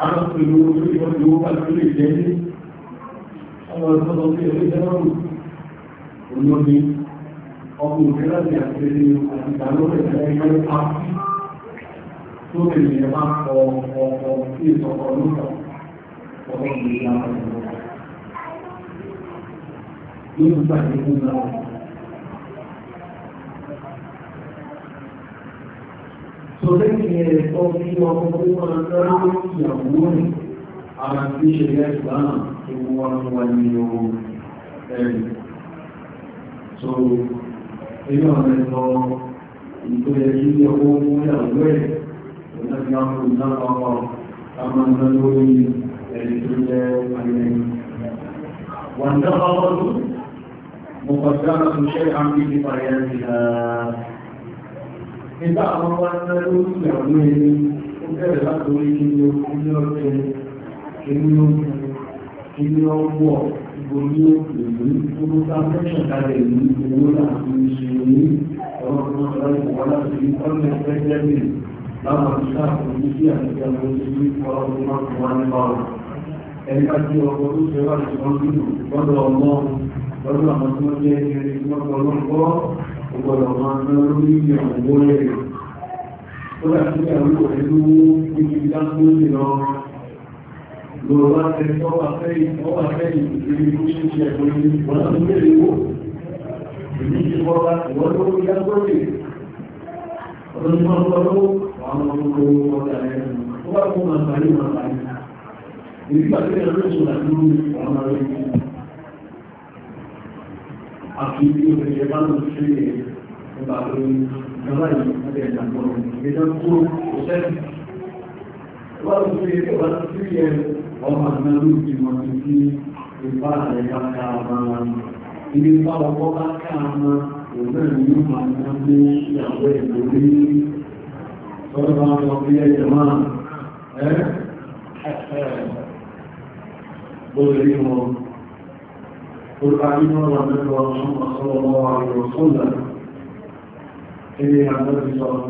àtúnlò orí ọjọ́ alúlé ìjẹ́lé àwọn ọ̀sọ́lọ́ sí ẹ̀rẹ́ jẹ́rọ̀rù olóbi ọkùn ìrẹ́láti àtẹ́lẹ́ àtìgbàlórí ẹ̀rẹ́ pàtí tó bèèrè ẹ̀má ọ̀pọ̀ sí ìsọ̀kọ̀ lókà ọ̀pọ̀ ìrẹ́láti torí ìyẹn ẹ̀kọ́ bí ọmọ tó máa dára ìyàwó rẹ̀ ara so èyí ọ̀rẹ́ lọ ìpínlẹ̀ ilé owó mú ìyàwó ẹ̀ ìrìnàjò àwọn ìdápapọ̀ àmàlà lórí ẹ̀rì tó jẹ́ ayẹyẹ nígbà àwọn wá ní lórí ìyàwó ẹni ó bẹ̀rẹ̀ látòrí kí ni okùn ní ọ̀tẹ́ kí ni okùn kí ni ọwọ́ ìgbòmí òkèlú owó tàbẹ́ṣẹ̀ kalẹ̀ ní owó láti ṣe ní ọ̀rọ̀ tó wọ́n láti wọ́n láti rí ọ̀nà ẹgbẹ́gbẹ́gbẹ́ láwọn ìṣàkóso sí àtijọ́ lórí ọ̀rọ̀ tó wọ́n tó wọ́n nípa ọ̀rọ̀ ẹ̀ka tí ọkọ̀ tó ṣe wá ìṣòro lọ́dọ̀ ọmọ lọ́dọ̀ àwọn tó jẹ́ ẹgbẹ́ ìgbọ́n ìgbọ̀dọ̀ máa ná lórí ìyàwó rẹ̀ tó bá sí àwọn pẹ̀lú ibi dáńgbó sí lọ lọ́rọ̀ bá tẹ́ ọwà fẹ́yìn ọwà fẹ́yìn ìgbèrè tó ṣe ṣe ẹ̀kọ́ ní wọ́n tó mẹ́rẹ̀ owó ìbí ti wọ́n bá wọ́n tó rí dáńgbó sí ọdún tí wọ́n lọ́wọ́ àwọn ọmọ ogun ọjà rẹ̀ tó bá kó máa parí máa parí ìgbà tó yẹ lóṣù àti ọmọ rẹ̀ 啊，平时有些方面区别，你把那个另外一点讲过，比如说出生，各方面各方面区别，我好像都记不清晰，一般来讲啊，一般来讲啊，无论你讲哪边，两位徒弟，双方我们也有吗？哎，哎，都有吗？القائمة والنبي محمد صلى الله عليه وسلم إلي النبي صلى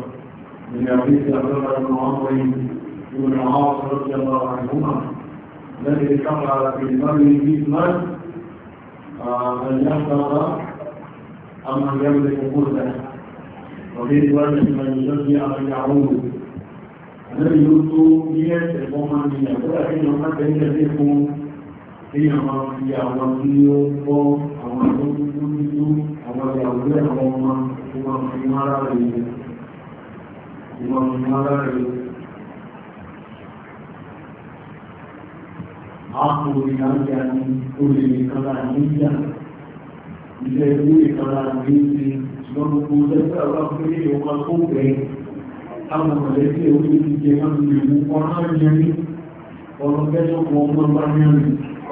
من يعطيك أبدا بن عمر بن العاص رضي الله عنهما الذي كفر في المرء مثلا آه، أن يحضر أما يملك قرده وفي رواية من يجزي أن يعود الذي يلقي بيد من ولكن يمكن أن يكون èèyàn máa fi àwọn tí ó gbọ́ àwọn tó dúdú dúdú àwọn ìyàwó àwọn ọmọ tó máa fi mára rẹ̀ tó máa fi mára rẹ̀ àkùnrin àjà ni olè ìkọlà níjà ilé ìlú ìkọlà níbi lọ́nà kó lẹ́sẹ̀ ọ̀rọ̀ pé ìwọ̀n akóbẹ̀ àwọn mọ̀lẹ́sí orí ti jẹ́ wọn lè mú ọ̀rọ̀ yẹn ọ̀rọ̀ bẹ́ẹ̀ tó kọ́ ọmọ bá yẹn rìn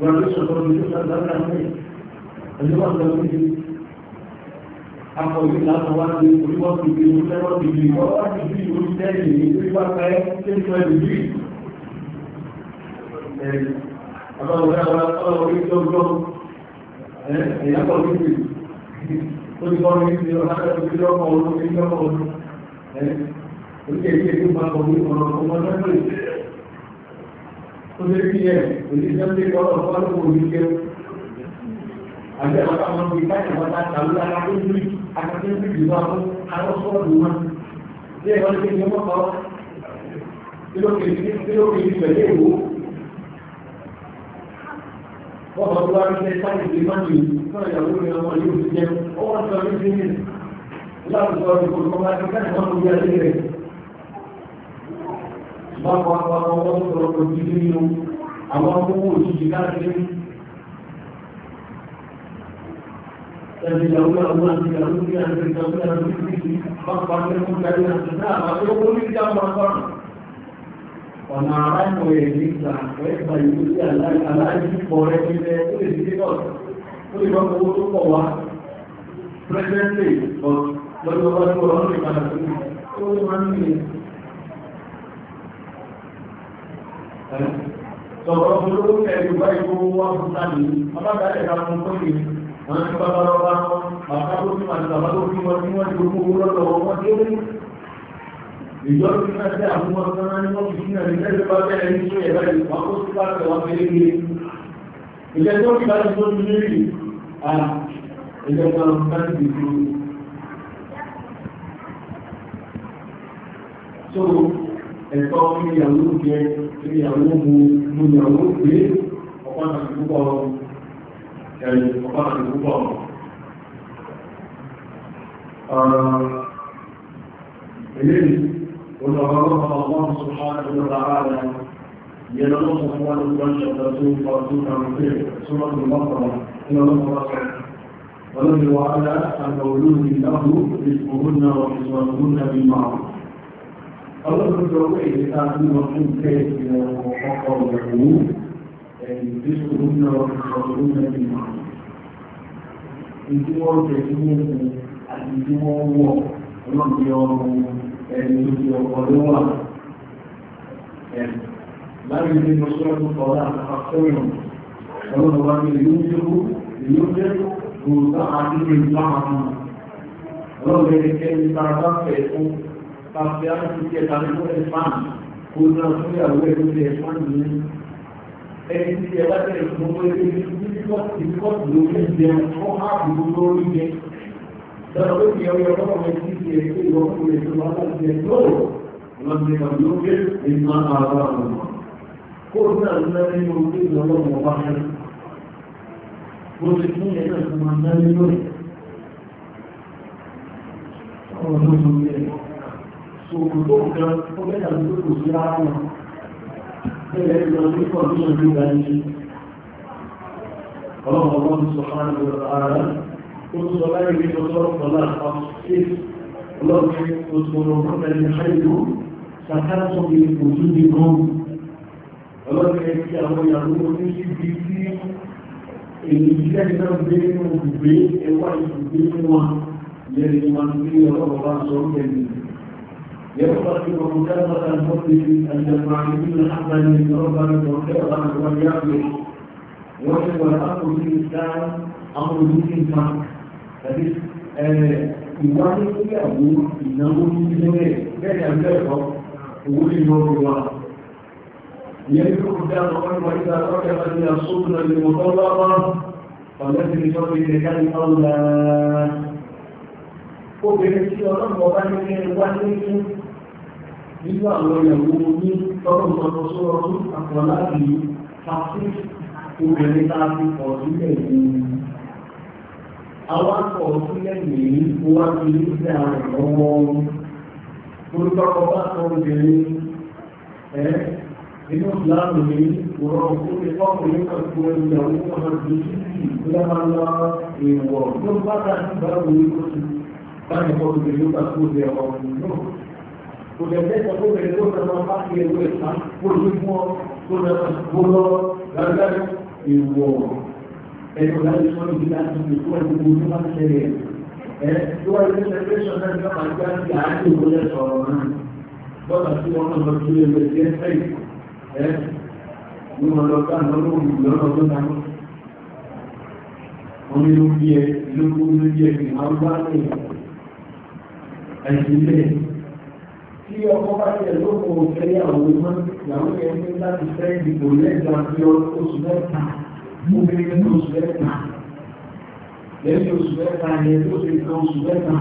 wọ́n tó sọ̀rọ̀ ní tó sọ̀rọ̀ lọ́nà ní ẹjọ́ lọ sí i akọ̀ yìí láti wá sí oríwọ́ ti di oríwọ́ ti di ọwọ́ ti di orí tẹ́lẹ̀ ní oríwá pẹ́ tí ń sọ ẹ̀rù yìí ọlọ́wọ́ ọlọ́wọ́ orí tó gbọ́ ẹ̀yà pọ̀ ní ìlú ó ti kọ́ ní ìlú ọlọ́wọ́ tó lé bí ẹ̀ òṣìṣẹ́ lé lọ́rọ̀ fọ́lọ́pọ̀ oníṣẹ́ àbí àwọn ọmọ bíi káyọ̀ wọn bá tàbí lára tó ní akẹ́kẹ́ bí wà fún arọ́sọ́ọ̀lù wọn bí ẹ̀ wọ́n ṣe ní ọmọ kan tí ó kéde tí ó kéde pẹ̀lú èwo wọ́n bọ̀ tó wá ní ṣe sáyẹ̀ sí máa yìí fún ìyàwó ní wọ́n kọ́ àwọn ọmọ sọ̀rọ̀ lójú nínú àwọn ọmọ òjijì káàkiri ẹni ìyàwó àwọn àti ìyàwó ní àti ìyàwó àti ìyàwó máa pa ní ọmọ ìyàwó àti náà àti owó ní ìjà máa pa ọ̀nà aráàmù rẹ̀ ní ìgbà ẹgbà ìlú sí aláìsípọ̀ rẹ̀ nílẹ̀ ó lè dé náà ó lè lọ́pọ̀ owó tó pọ̀ wá presently but lọ́jọ́ bá tó rọrùn ìpadà tó ní ó lè máa ń sọ̀rọ̀ fún ló ẹ̀rù bá ikú wọ́n fún sáàdì ọlọ́gbàlẹ̀ ká fún pẹ́lú wọn ti bá bára bá bàbá tó fi màtí bàbá tó fi wọn tí wọ́n ti gbogbo owó lọ́dọ̀ wọn tí ó mú ìjọ tí wọ́n ti àwọn ọmọ sọ́nà ní wọ́n fi sínú ẹ̀rí tẹ́lẹ̀ bá bẹ́ẹ̀ ní ṣe ẹ̀rọ yìí wọ́n kó sí bá tẹ̀ wọ́n fi lé lé ìjẹ́ tó fi bá ti tó ti lé lè à ìjẹ́ tó fi bá ti tó so ẹ̀tọ́ ìyàwó jẹ́ ìyàwó mú ìyàwó pé ọ̀pọ̀lọpọ̀ púpọ̀ ẹ̀yìn ọ̀pọ̀lọpọ̀ púpọ̀ ilé olùrànlọ́pọ̀ ọgbọ́n sọ̀rọ̀ ìrọ̀lára yẹ̀lọ́ sọ̀rọ̀ wọn lọ́pọ̀ ṣọ̀tọ̀ tó ń pọ̀ tó kàrùn pé sọ́rọ̀ ìrọ̀lọ́pọ̀ ìrọ̀lọ́pọ̀ ولو وعلى أن أولوه له رزقهن وكسوتهن بالمعروف ọlọ́dọ̀dọ̀ owó èdè tá a ti lọ fún ìfẹ́ ìfẹ́ ọkọ̀ ìyàwó ẹ̀yìn ìgbésòwò náà ìṣòro mẹ́rin náà ìdí wọ́n jẹ sí ní ẹ̀sìn àti ìdí wọ́n wọ̀ ọlọ́dẹ ọrùn ẹ̀yìn ìdí ọkọ̀ ló wà láyé ní mọ́ṣọ́lọ́dún kọ́lá àfẹ́rùn ọlọ́dọ̀ wá ní ìlú jẹ́kú ìlú jẹ́kú gbòòtà àti ìlú láwọn ọlọ́dẹ kẹ́ni tá a bá fẹ́ fún tàbí àwọn ìdíje tàbí fún ẹ̀fán kó náà fún ìyàwó ẹ̀ lórí ẹ̀fán yìí ẹni tí ẹ bá tẹ̀lé fún ọmọ ẹgbẹ́ ìdíkọ́tì lórí ẹ̀jẹ̀ fún ààbò lórí ẹ̀ lọ́dọ̀ pé ìyàwó ẹ̀ lọ́wọ́ ẹ̀ ti ṣe ẹgbẹ́ ìwọ́kùnrin tó bá láti ẹ̀ lọ́wọ́ ìwọ́n ti kàbí ó gbé ìmọ̀ àwọn àwọn kó náà lẹ́nu orí ìlọ́wọ́ ọba ẹ̀ bó ti fún ẹ̀ náà tó máa ń dá lé lórí ọ̀rọ̀ tó ṣòkò tó kẹ́ ó mẹ́ta ló tó kò sí ara wọn bẹ́ẹ̀ lọ sí kọ́ndíṣọ̀ tó ga ní ọlọ́run ọgbọ́n ti sọ fún ara ó sọ láì rí ọjọ́ ọ̀la ọlọ́run tó sọ̀rọ̀ fún ẹni ṣáìlú ṣàkàtọ̀ ní òjú ní gan ọlọ́run ẹni tí àwọn ìyàwó ní síbi tí èyí jẹ́ náà gbé nínú ibùgbé ẹwà ibùgbé fún wa lẹ́yìn wọn ní ọlọ́run bá sọ ọ́ يفتقد مكافأة المحدث أن المعلمين حقا لربنا وخيرا وليقل وهو الأمر في الإسلام أمر ذو إنسان فبس ìwádìí tí àwọn ìnáwó ní ilé bẹ́ẹ̀ àgbẹ́ẹ̀kọ́ owó ìlú ọgbọ̀wà ìyẹn tó kù dá àwọn ọmọ ìgbà lọ́kẹ́ láti àṣókùnrin mọ̀tọ́lọ́wọ́ ọ̀lẹ́sìn ìjọba ìdẹ̀ká ní ọlọ́rọ̀ obìnrin tí ọlọ́run ọba ní ẹni wá ní fún nínú àwọn ìyàwó ní tọ́rọ ìtọ́jú sọ́rọ̀ tó àpọ̀ láti fàtí obìnrin tá a fi pọ̀ sílẹ̀ yìí. Àwọn akọ̀ sílẹ̀ yìí wá sí ilé àwọn ọmọ orúkọ bá sọ obìnrin ẹ̀ inú ìlànà mi rọ òkúté ọkùnrin kan tó ẹni ìyàwó kan ti sí ìlú lọ́wọ́ ìwọ̀ tó bá dá sí ní kó ti Tanto por il a studio o no. Porque até essa coisa que eu não parte e eu estou por último, por último, largar e o é o lado de uma unidade de corpo muito mais sereno. É, eu acho que essa pessoa não é mais grande que a arte do poder só, né? Bota aqui uma notícia de presença aí. É, uma local não, não, não, não, não. Onde não tinha, não tinha, não tinha, não tinha, não tinha, àìsílẹ̀ tí ọkọ bá tẹ̀ lóko fẹ́ àwọn ọmọ ìyàwó yẹn ní láti fẹ́ ìdìbò lẹ́gbà bí oṣù mẹ́ta obìnrin ní oṣù mẹ́ta lẹ́yìn oṣù mẹ́ta yẹn ló ti kan oṣù mẹ́ta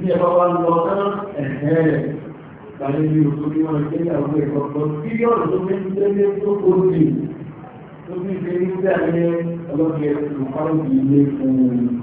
ní ẹ̀bá wa lọ náà ẹ̀ẹ́ tàbí ní oṣù bí wọ́n gbé ìyàwó ẹ̀kọ́ kan bí ọ̀rọ̀ tó fi ń tẹ́lẹ̀ tó kó ní tó fi ń tẹ́lẹ̀ tó fi ń tẹ́lẹ̀ ọlọ́gbẹ̀ẹ́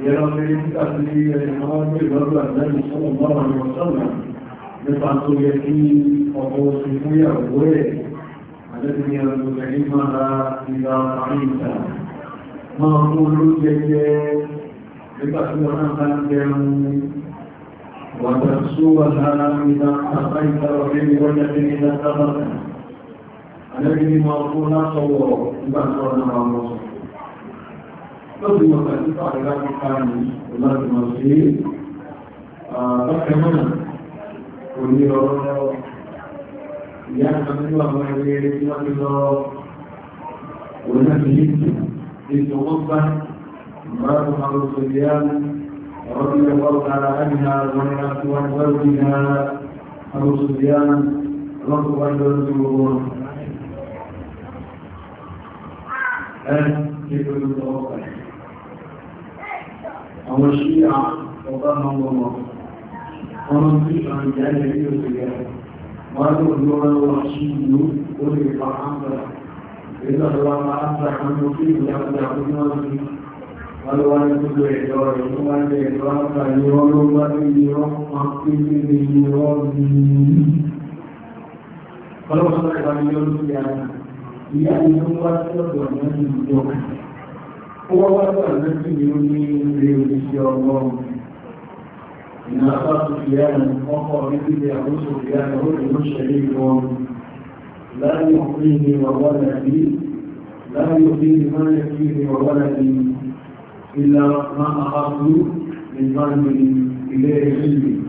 يرى ذلك في الحرام الرجل النبي صلى الله عليه وسلم بطعة اليتيم وهو سميع ويه الذي يتعلمها إذا رأيتها ما أقول لك لتأكلها الجنة وتكسوها إذا أعطيت وفي وجه إذا أخذت الذي ما أقول صوره إذا أخذنا الله tó ti mọ̀ pẹ̀lú àrẹ́lá kíkà ní ìlàjùmọ̀ sí àbákẹ́mọ̀nà kò ní ọ̀rọ̀ ìyá kan nínú àwọn ẹgbẹ́ tí wọ́n ti lọ òun náà ti yíkì ètò wọ́n bá ìmọ̀ràn máa lọ sí ìyá رضي الله تعالى عنها àwọn ṣíyà ọba mọ́mọ́ ọmọ tí àwọn ìyá ilẹ̀ yóò ti rẹ̀ wọ́n tó ní wọ́n wọ́n sí ìlú ó lè fa ámbà ìgbàlọ́wọ́ ámbà kan ló fi ìlú àti àkójọ́ sí wọ́n wá ní gbogbo ẹ̀dọ́ ìlú wá هو وضع الذي يريد ليشير الله إن أخذت سفيان وقع مثل أبو سفيان رجل شريك لا يعطيني وولدي لا يعطيني ما يكفيني وولدي إلا ما أخاف من ظلمي إليه علمي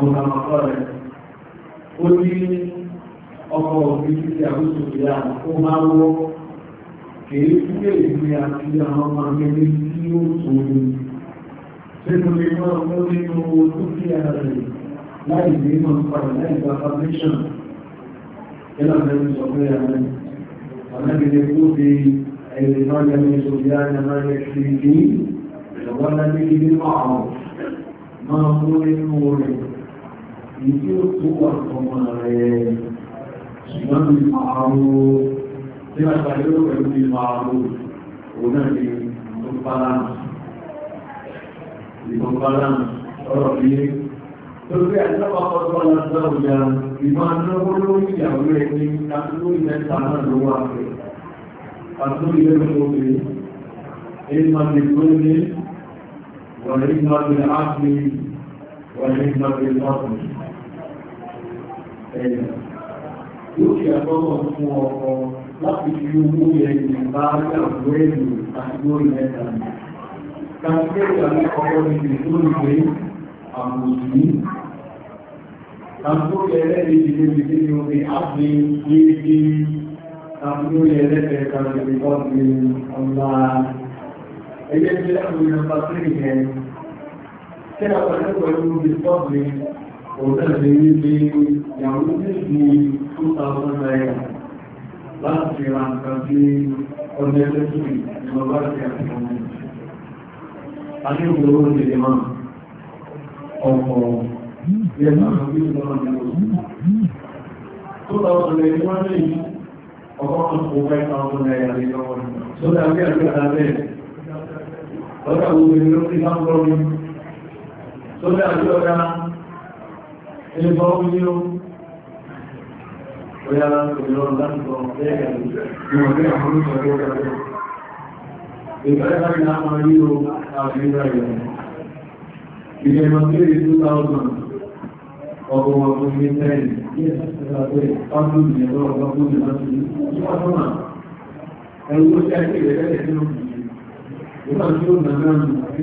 أو كما قال قل لي أخاف مثل أبو سفيان وما هو èyí tí èyí ni àti àwọn ọmọ abẹ́lé tí ó tóbi sínú lè máa mú nínú owó tó kí ara rẹ̀ láì ní máa padà láì gba foundation ìlànà ìsọ pé ààrẹ àmẹ́bìnrin tó fi ẹ̀rẹ̀ ìbájá ní ìsòbí ààrẹ àmẹ́rẹ̀ sí ìdí ìjọba àwọn tí wọ́n tàbí ó pẹ̀lú ní máa rú òun náà ní ìtọ́pálánù ọ̀rọ̀ bí i tó gbé àtàpapọ̀tọ́ aláàbòjá ìmọ̀ anáwó lórí ìyàwó rẹ̀ ní àtúntò ìmẹ́ta náà ló wà pẹ̀ àtúntò ìlẹ́gbẹ̀ẹ́ obìnrin èyí máa ti tó ní wọ̀nyí máa ti ẹ̀yà yóò fi àkọ́kọ́ fún ọkọ̀ láti fi owó ẹ̀yìn bá ìyàwó ẹ̀yìn àti lórí mẹ́ta ni. Kàṣẹ́ ìyàwó ọkọ̀ ní ìlú ìwé àmòsí. Kàṣẹ́ ẹlẹ́dẹ̀ẹ́dẹ́ ti ní omi àti yéèké. Kàṣẹ́ ẹlẹ́dẹ̀ẹ́dẹ́ kan ní ọdún ọlá. Ẹgbẹ́ tí a lè nọmba sí ìyẹn. Kí a pàdé pẹ̀lú ìtọ́jú òun náà lè ní pé ìyàwó ní ìlú 2000 naira láti ra nǹkan sí ọjọ́ ẹlẹ́sìn ìjọba àti àtìkọ́mọ́. a ní òwúrò òṣèlè máa ọ̀pọ̀ yẹ̀mọ́ àwọn bí ìjọba ní oṣù tó lọ sọ̀rọ̀ ẹni wọ́n ní ọgọ́rùn-ún kò fẹ́ sáwọn náírà lé lọ́wọ́ sódà bí àgbẹ̀dà bẹ́ẹ̀ lọ́dà gbogbo ìlú ti bóyá ìlọ lásìkò ẹ̀yà ìwọ̀n àwọn olùsọ̀rọ̀ ẹ̀rọ ìfẹ́ láti náà máa rí o àti ìrà ìrìn ìgbẹ̀mọ̀ tí ó rí 2000 ọgbọ̀n ọdún ní tẹ́lì ní ẹ̀sẹ̀ ọdún ìyẹ̀rọ ọgbọ̀n ní láti ìwọ̀n tó máa ẹ̀rù ó ṣe àti ìrẹ̀lẹ̀ tí ó kìí ìgbà tí ó nà náà nù àti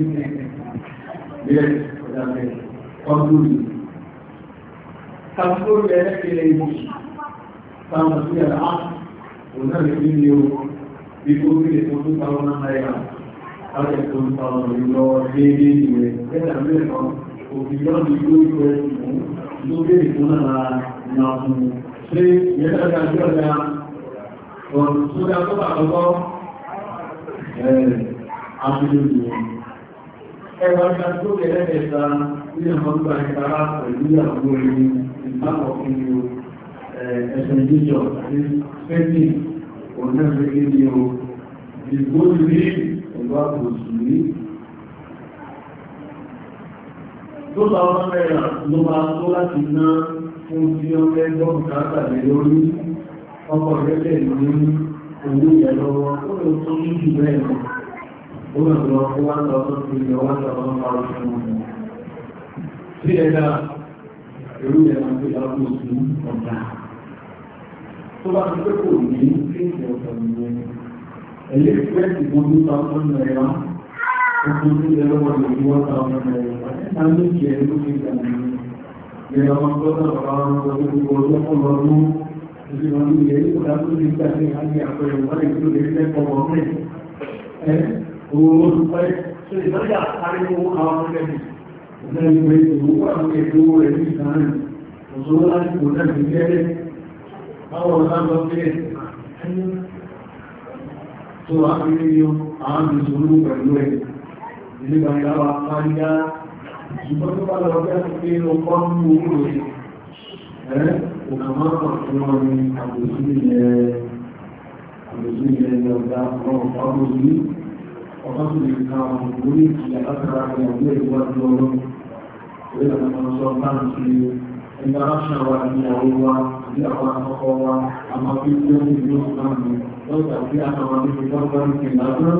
ìrẹ̀lẹ̀ ọdún yìí táwọn sí ẹ̀rá òun náà lè ní o bí kó sí lè tó tó náà náírà láti tó táwọn ìlọ déédé ìwẹ̀ bẹ́ẹ̀ mẹ́kan òbí lọ́dún tó yọ ẹ̀sùn tó bèèrè tó náà na fún ṣe ìyẹ́dàgbà ìjọba ọ̀rùn tó dá tó bà kọ́kọ́ Ẹwà ìgbà tó kẹ̀lẹ́ ẹ̀ta ní ọmọ ìgbà pẹ̀lú àwọn orin ìbáwọ̀ ẹ̀sẹ̀ jíjọ àti fẹ́tì onẹ́fẹ́gẹ́ ni o ìgbó ní ẹ̀gbá kò sí ní tó bá wọ́n mẹ́ra ló máa tó láti ná fún tí ó mẹ́gbọ́n kàátàlé lórí ọkọ̀ rẹ̀lẹ̀ ní owó ìyẹ̀lọ́wọ́ ó lè tó ní jù bẹ́ẹ̀ lọ ó lè lọ fún wá lọ tó fi lọ wá lọ tó bá ní kéèkì ọ̀sán nìyẹn ẹ̀yẹ fẹ́ẹ̀sì gbogbo sáwọn náírà gbogbo tí ẹ lọ́wọ́ lè fi wọ́n sáwọn náírà ẹ̀ka ní kí ẹ ló fi gbà nìyẹn ìrìn tó náà bá wọn lọ sí gbogbo ọjọ́ fún lọ́dún ìdí wọn ní ilé ìkọ̀dá tó ní gbà ní àgbé àpẹẹrẹ wọn lè tó lè fẹ́ kọ́ wọn mẹ́ ẹ owó tó pẹ́ ṣe báwọn ọ̀sánlọ pílẹ̀ tó ápílẹ̀ ní àwọn ìṣòro pẹ̀lú ẹ̀ ilé gbàgbàwà pàdá ṣùgbọ́n tó bá lọ pẹ́ pé ó kọ́ ní owó rẹ̀ ẹ́ òkàmọ́kàn tí wọ́n ní àbòsí ilẹ̀ àbòsí ilẹ̀ ọ̀dá ọ̀pọ̀lọpọ̀ ọ̀pọ̀ tó lè ka ọ̀pọ̀ orí ìjìyà látara ìyàwó ìwájú ọlọ́run orí àwọn ọmọ sọ bá ń fi ẹgbẹ́ aráṣà wa ìyàwó wa ní àwọn akọ́kọ́ wa àmọ́ bí ó ní ìlú ìsìláàmù lọ́gbà sí àtàwọn níbi lọ́gbà ní ìlànà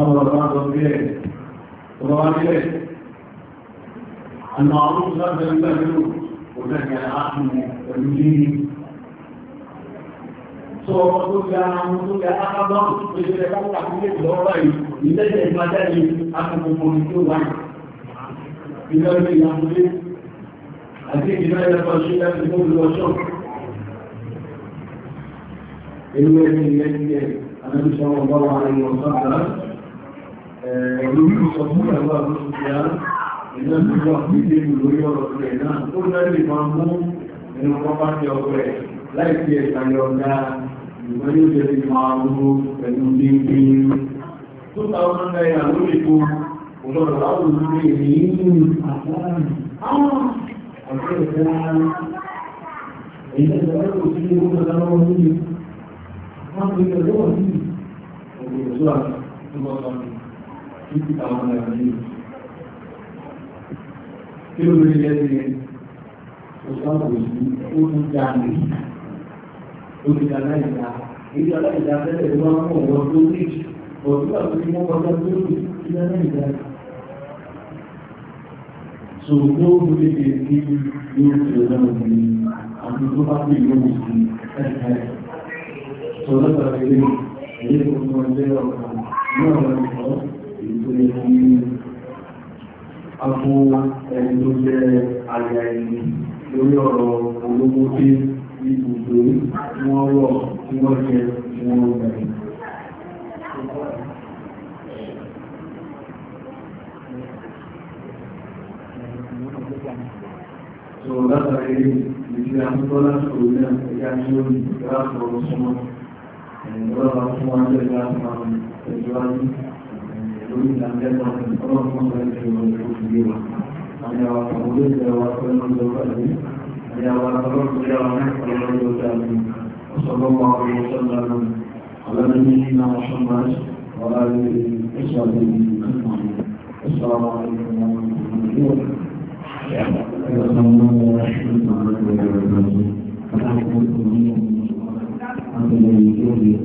ọmọ ọ̀rọ̀ bá ń bẹ́ẹ̀ ọmọ wá nílẹ̀ àmọ́ àwọn olùsọ́gbẹ̀ ń bẹ̀rẹ̀ lò kò lẹ́gbẹ̀ áàmù pẹ̀lú yìí tó ọmọ tó ga àwọn tó ga ìgbàjáde akọ̀kọ̀kọ̀ ní tó wáyé ìlẹ́gbẹ̀ẹ́ àti ìdáyà kan ṣe láti mú lọ ṣọ́pù. Irú ẹni ilẹ̀ ti ẹ̀ àdájúṣọ́ ọgbà wà ní ọ̀sánà lórí ìṣọ̀fún ẹ̀wà lóṣìṣẹ́ ìlẹ́ ti wà ní ìdíjú lórí ọ̀rọ̀ rẹ̀ náà tó lẹ́lẹ̀ máa mú ẹnu pápá ti ọ̀pọ̀ ẹ̀ láì fi ẹ̀ka yọ̀ǹda ìwọ́n yóò jẹ́ ti máa mú pẹ̀lú dídí. Tó ta ọmọ náírà lórí ìkó ọ̀dọ́ Kí ló lórí lẹ́sìn òṣùwọ́n kò sí ó tún já ní olùdá láìda. Èyí aláìda tẹ́lẹ̀ ló máa ń mọ̀ wọ́n tó ní ọ̀dúnwà tó ní mọ́ ọjọ́ tó ní ìdá láìda. So nobody can give you to another me. And you don't have to use me. So that's why lórí ọ̀rọ̀ olówó tí ìbùdó wọ́n rọ̀ tí wọ́n jẹ tí wọ́n gbẹ̀rẹ̀. tó látàrí ìdí àtúntọ́ láti orí náà ẹ̀yà tí ó ní ìgbàláṣọ ọ̀sọ́mọ́ ìrọ̀lá fún ajẹ́ ìgbàláṣọ ẹ̀jọ́wájú lórí ìlànà ọlọ́pàá ẹ̀jọ́ ìgbé wa àyàwó àwọn olóògbé wa pẹ̀lú ọjọ́ pàdé àyàwó àwọn olóògbé wa pẹ̀lú ọjọ́ pàdé ọ̀sọ́gbọ́n wa ọ̀rọ̀ sọ́lá lónìí ọ̀lọ́dún وآله وصحبه أجمعين السلام عليكم ورحمة الله وبركاته Thank you.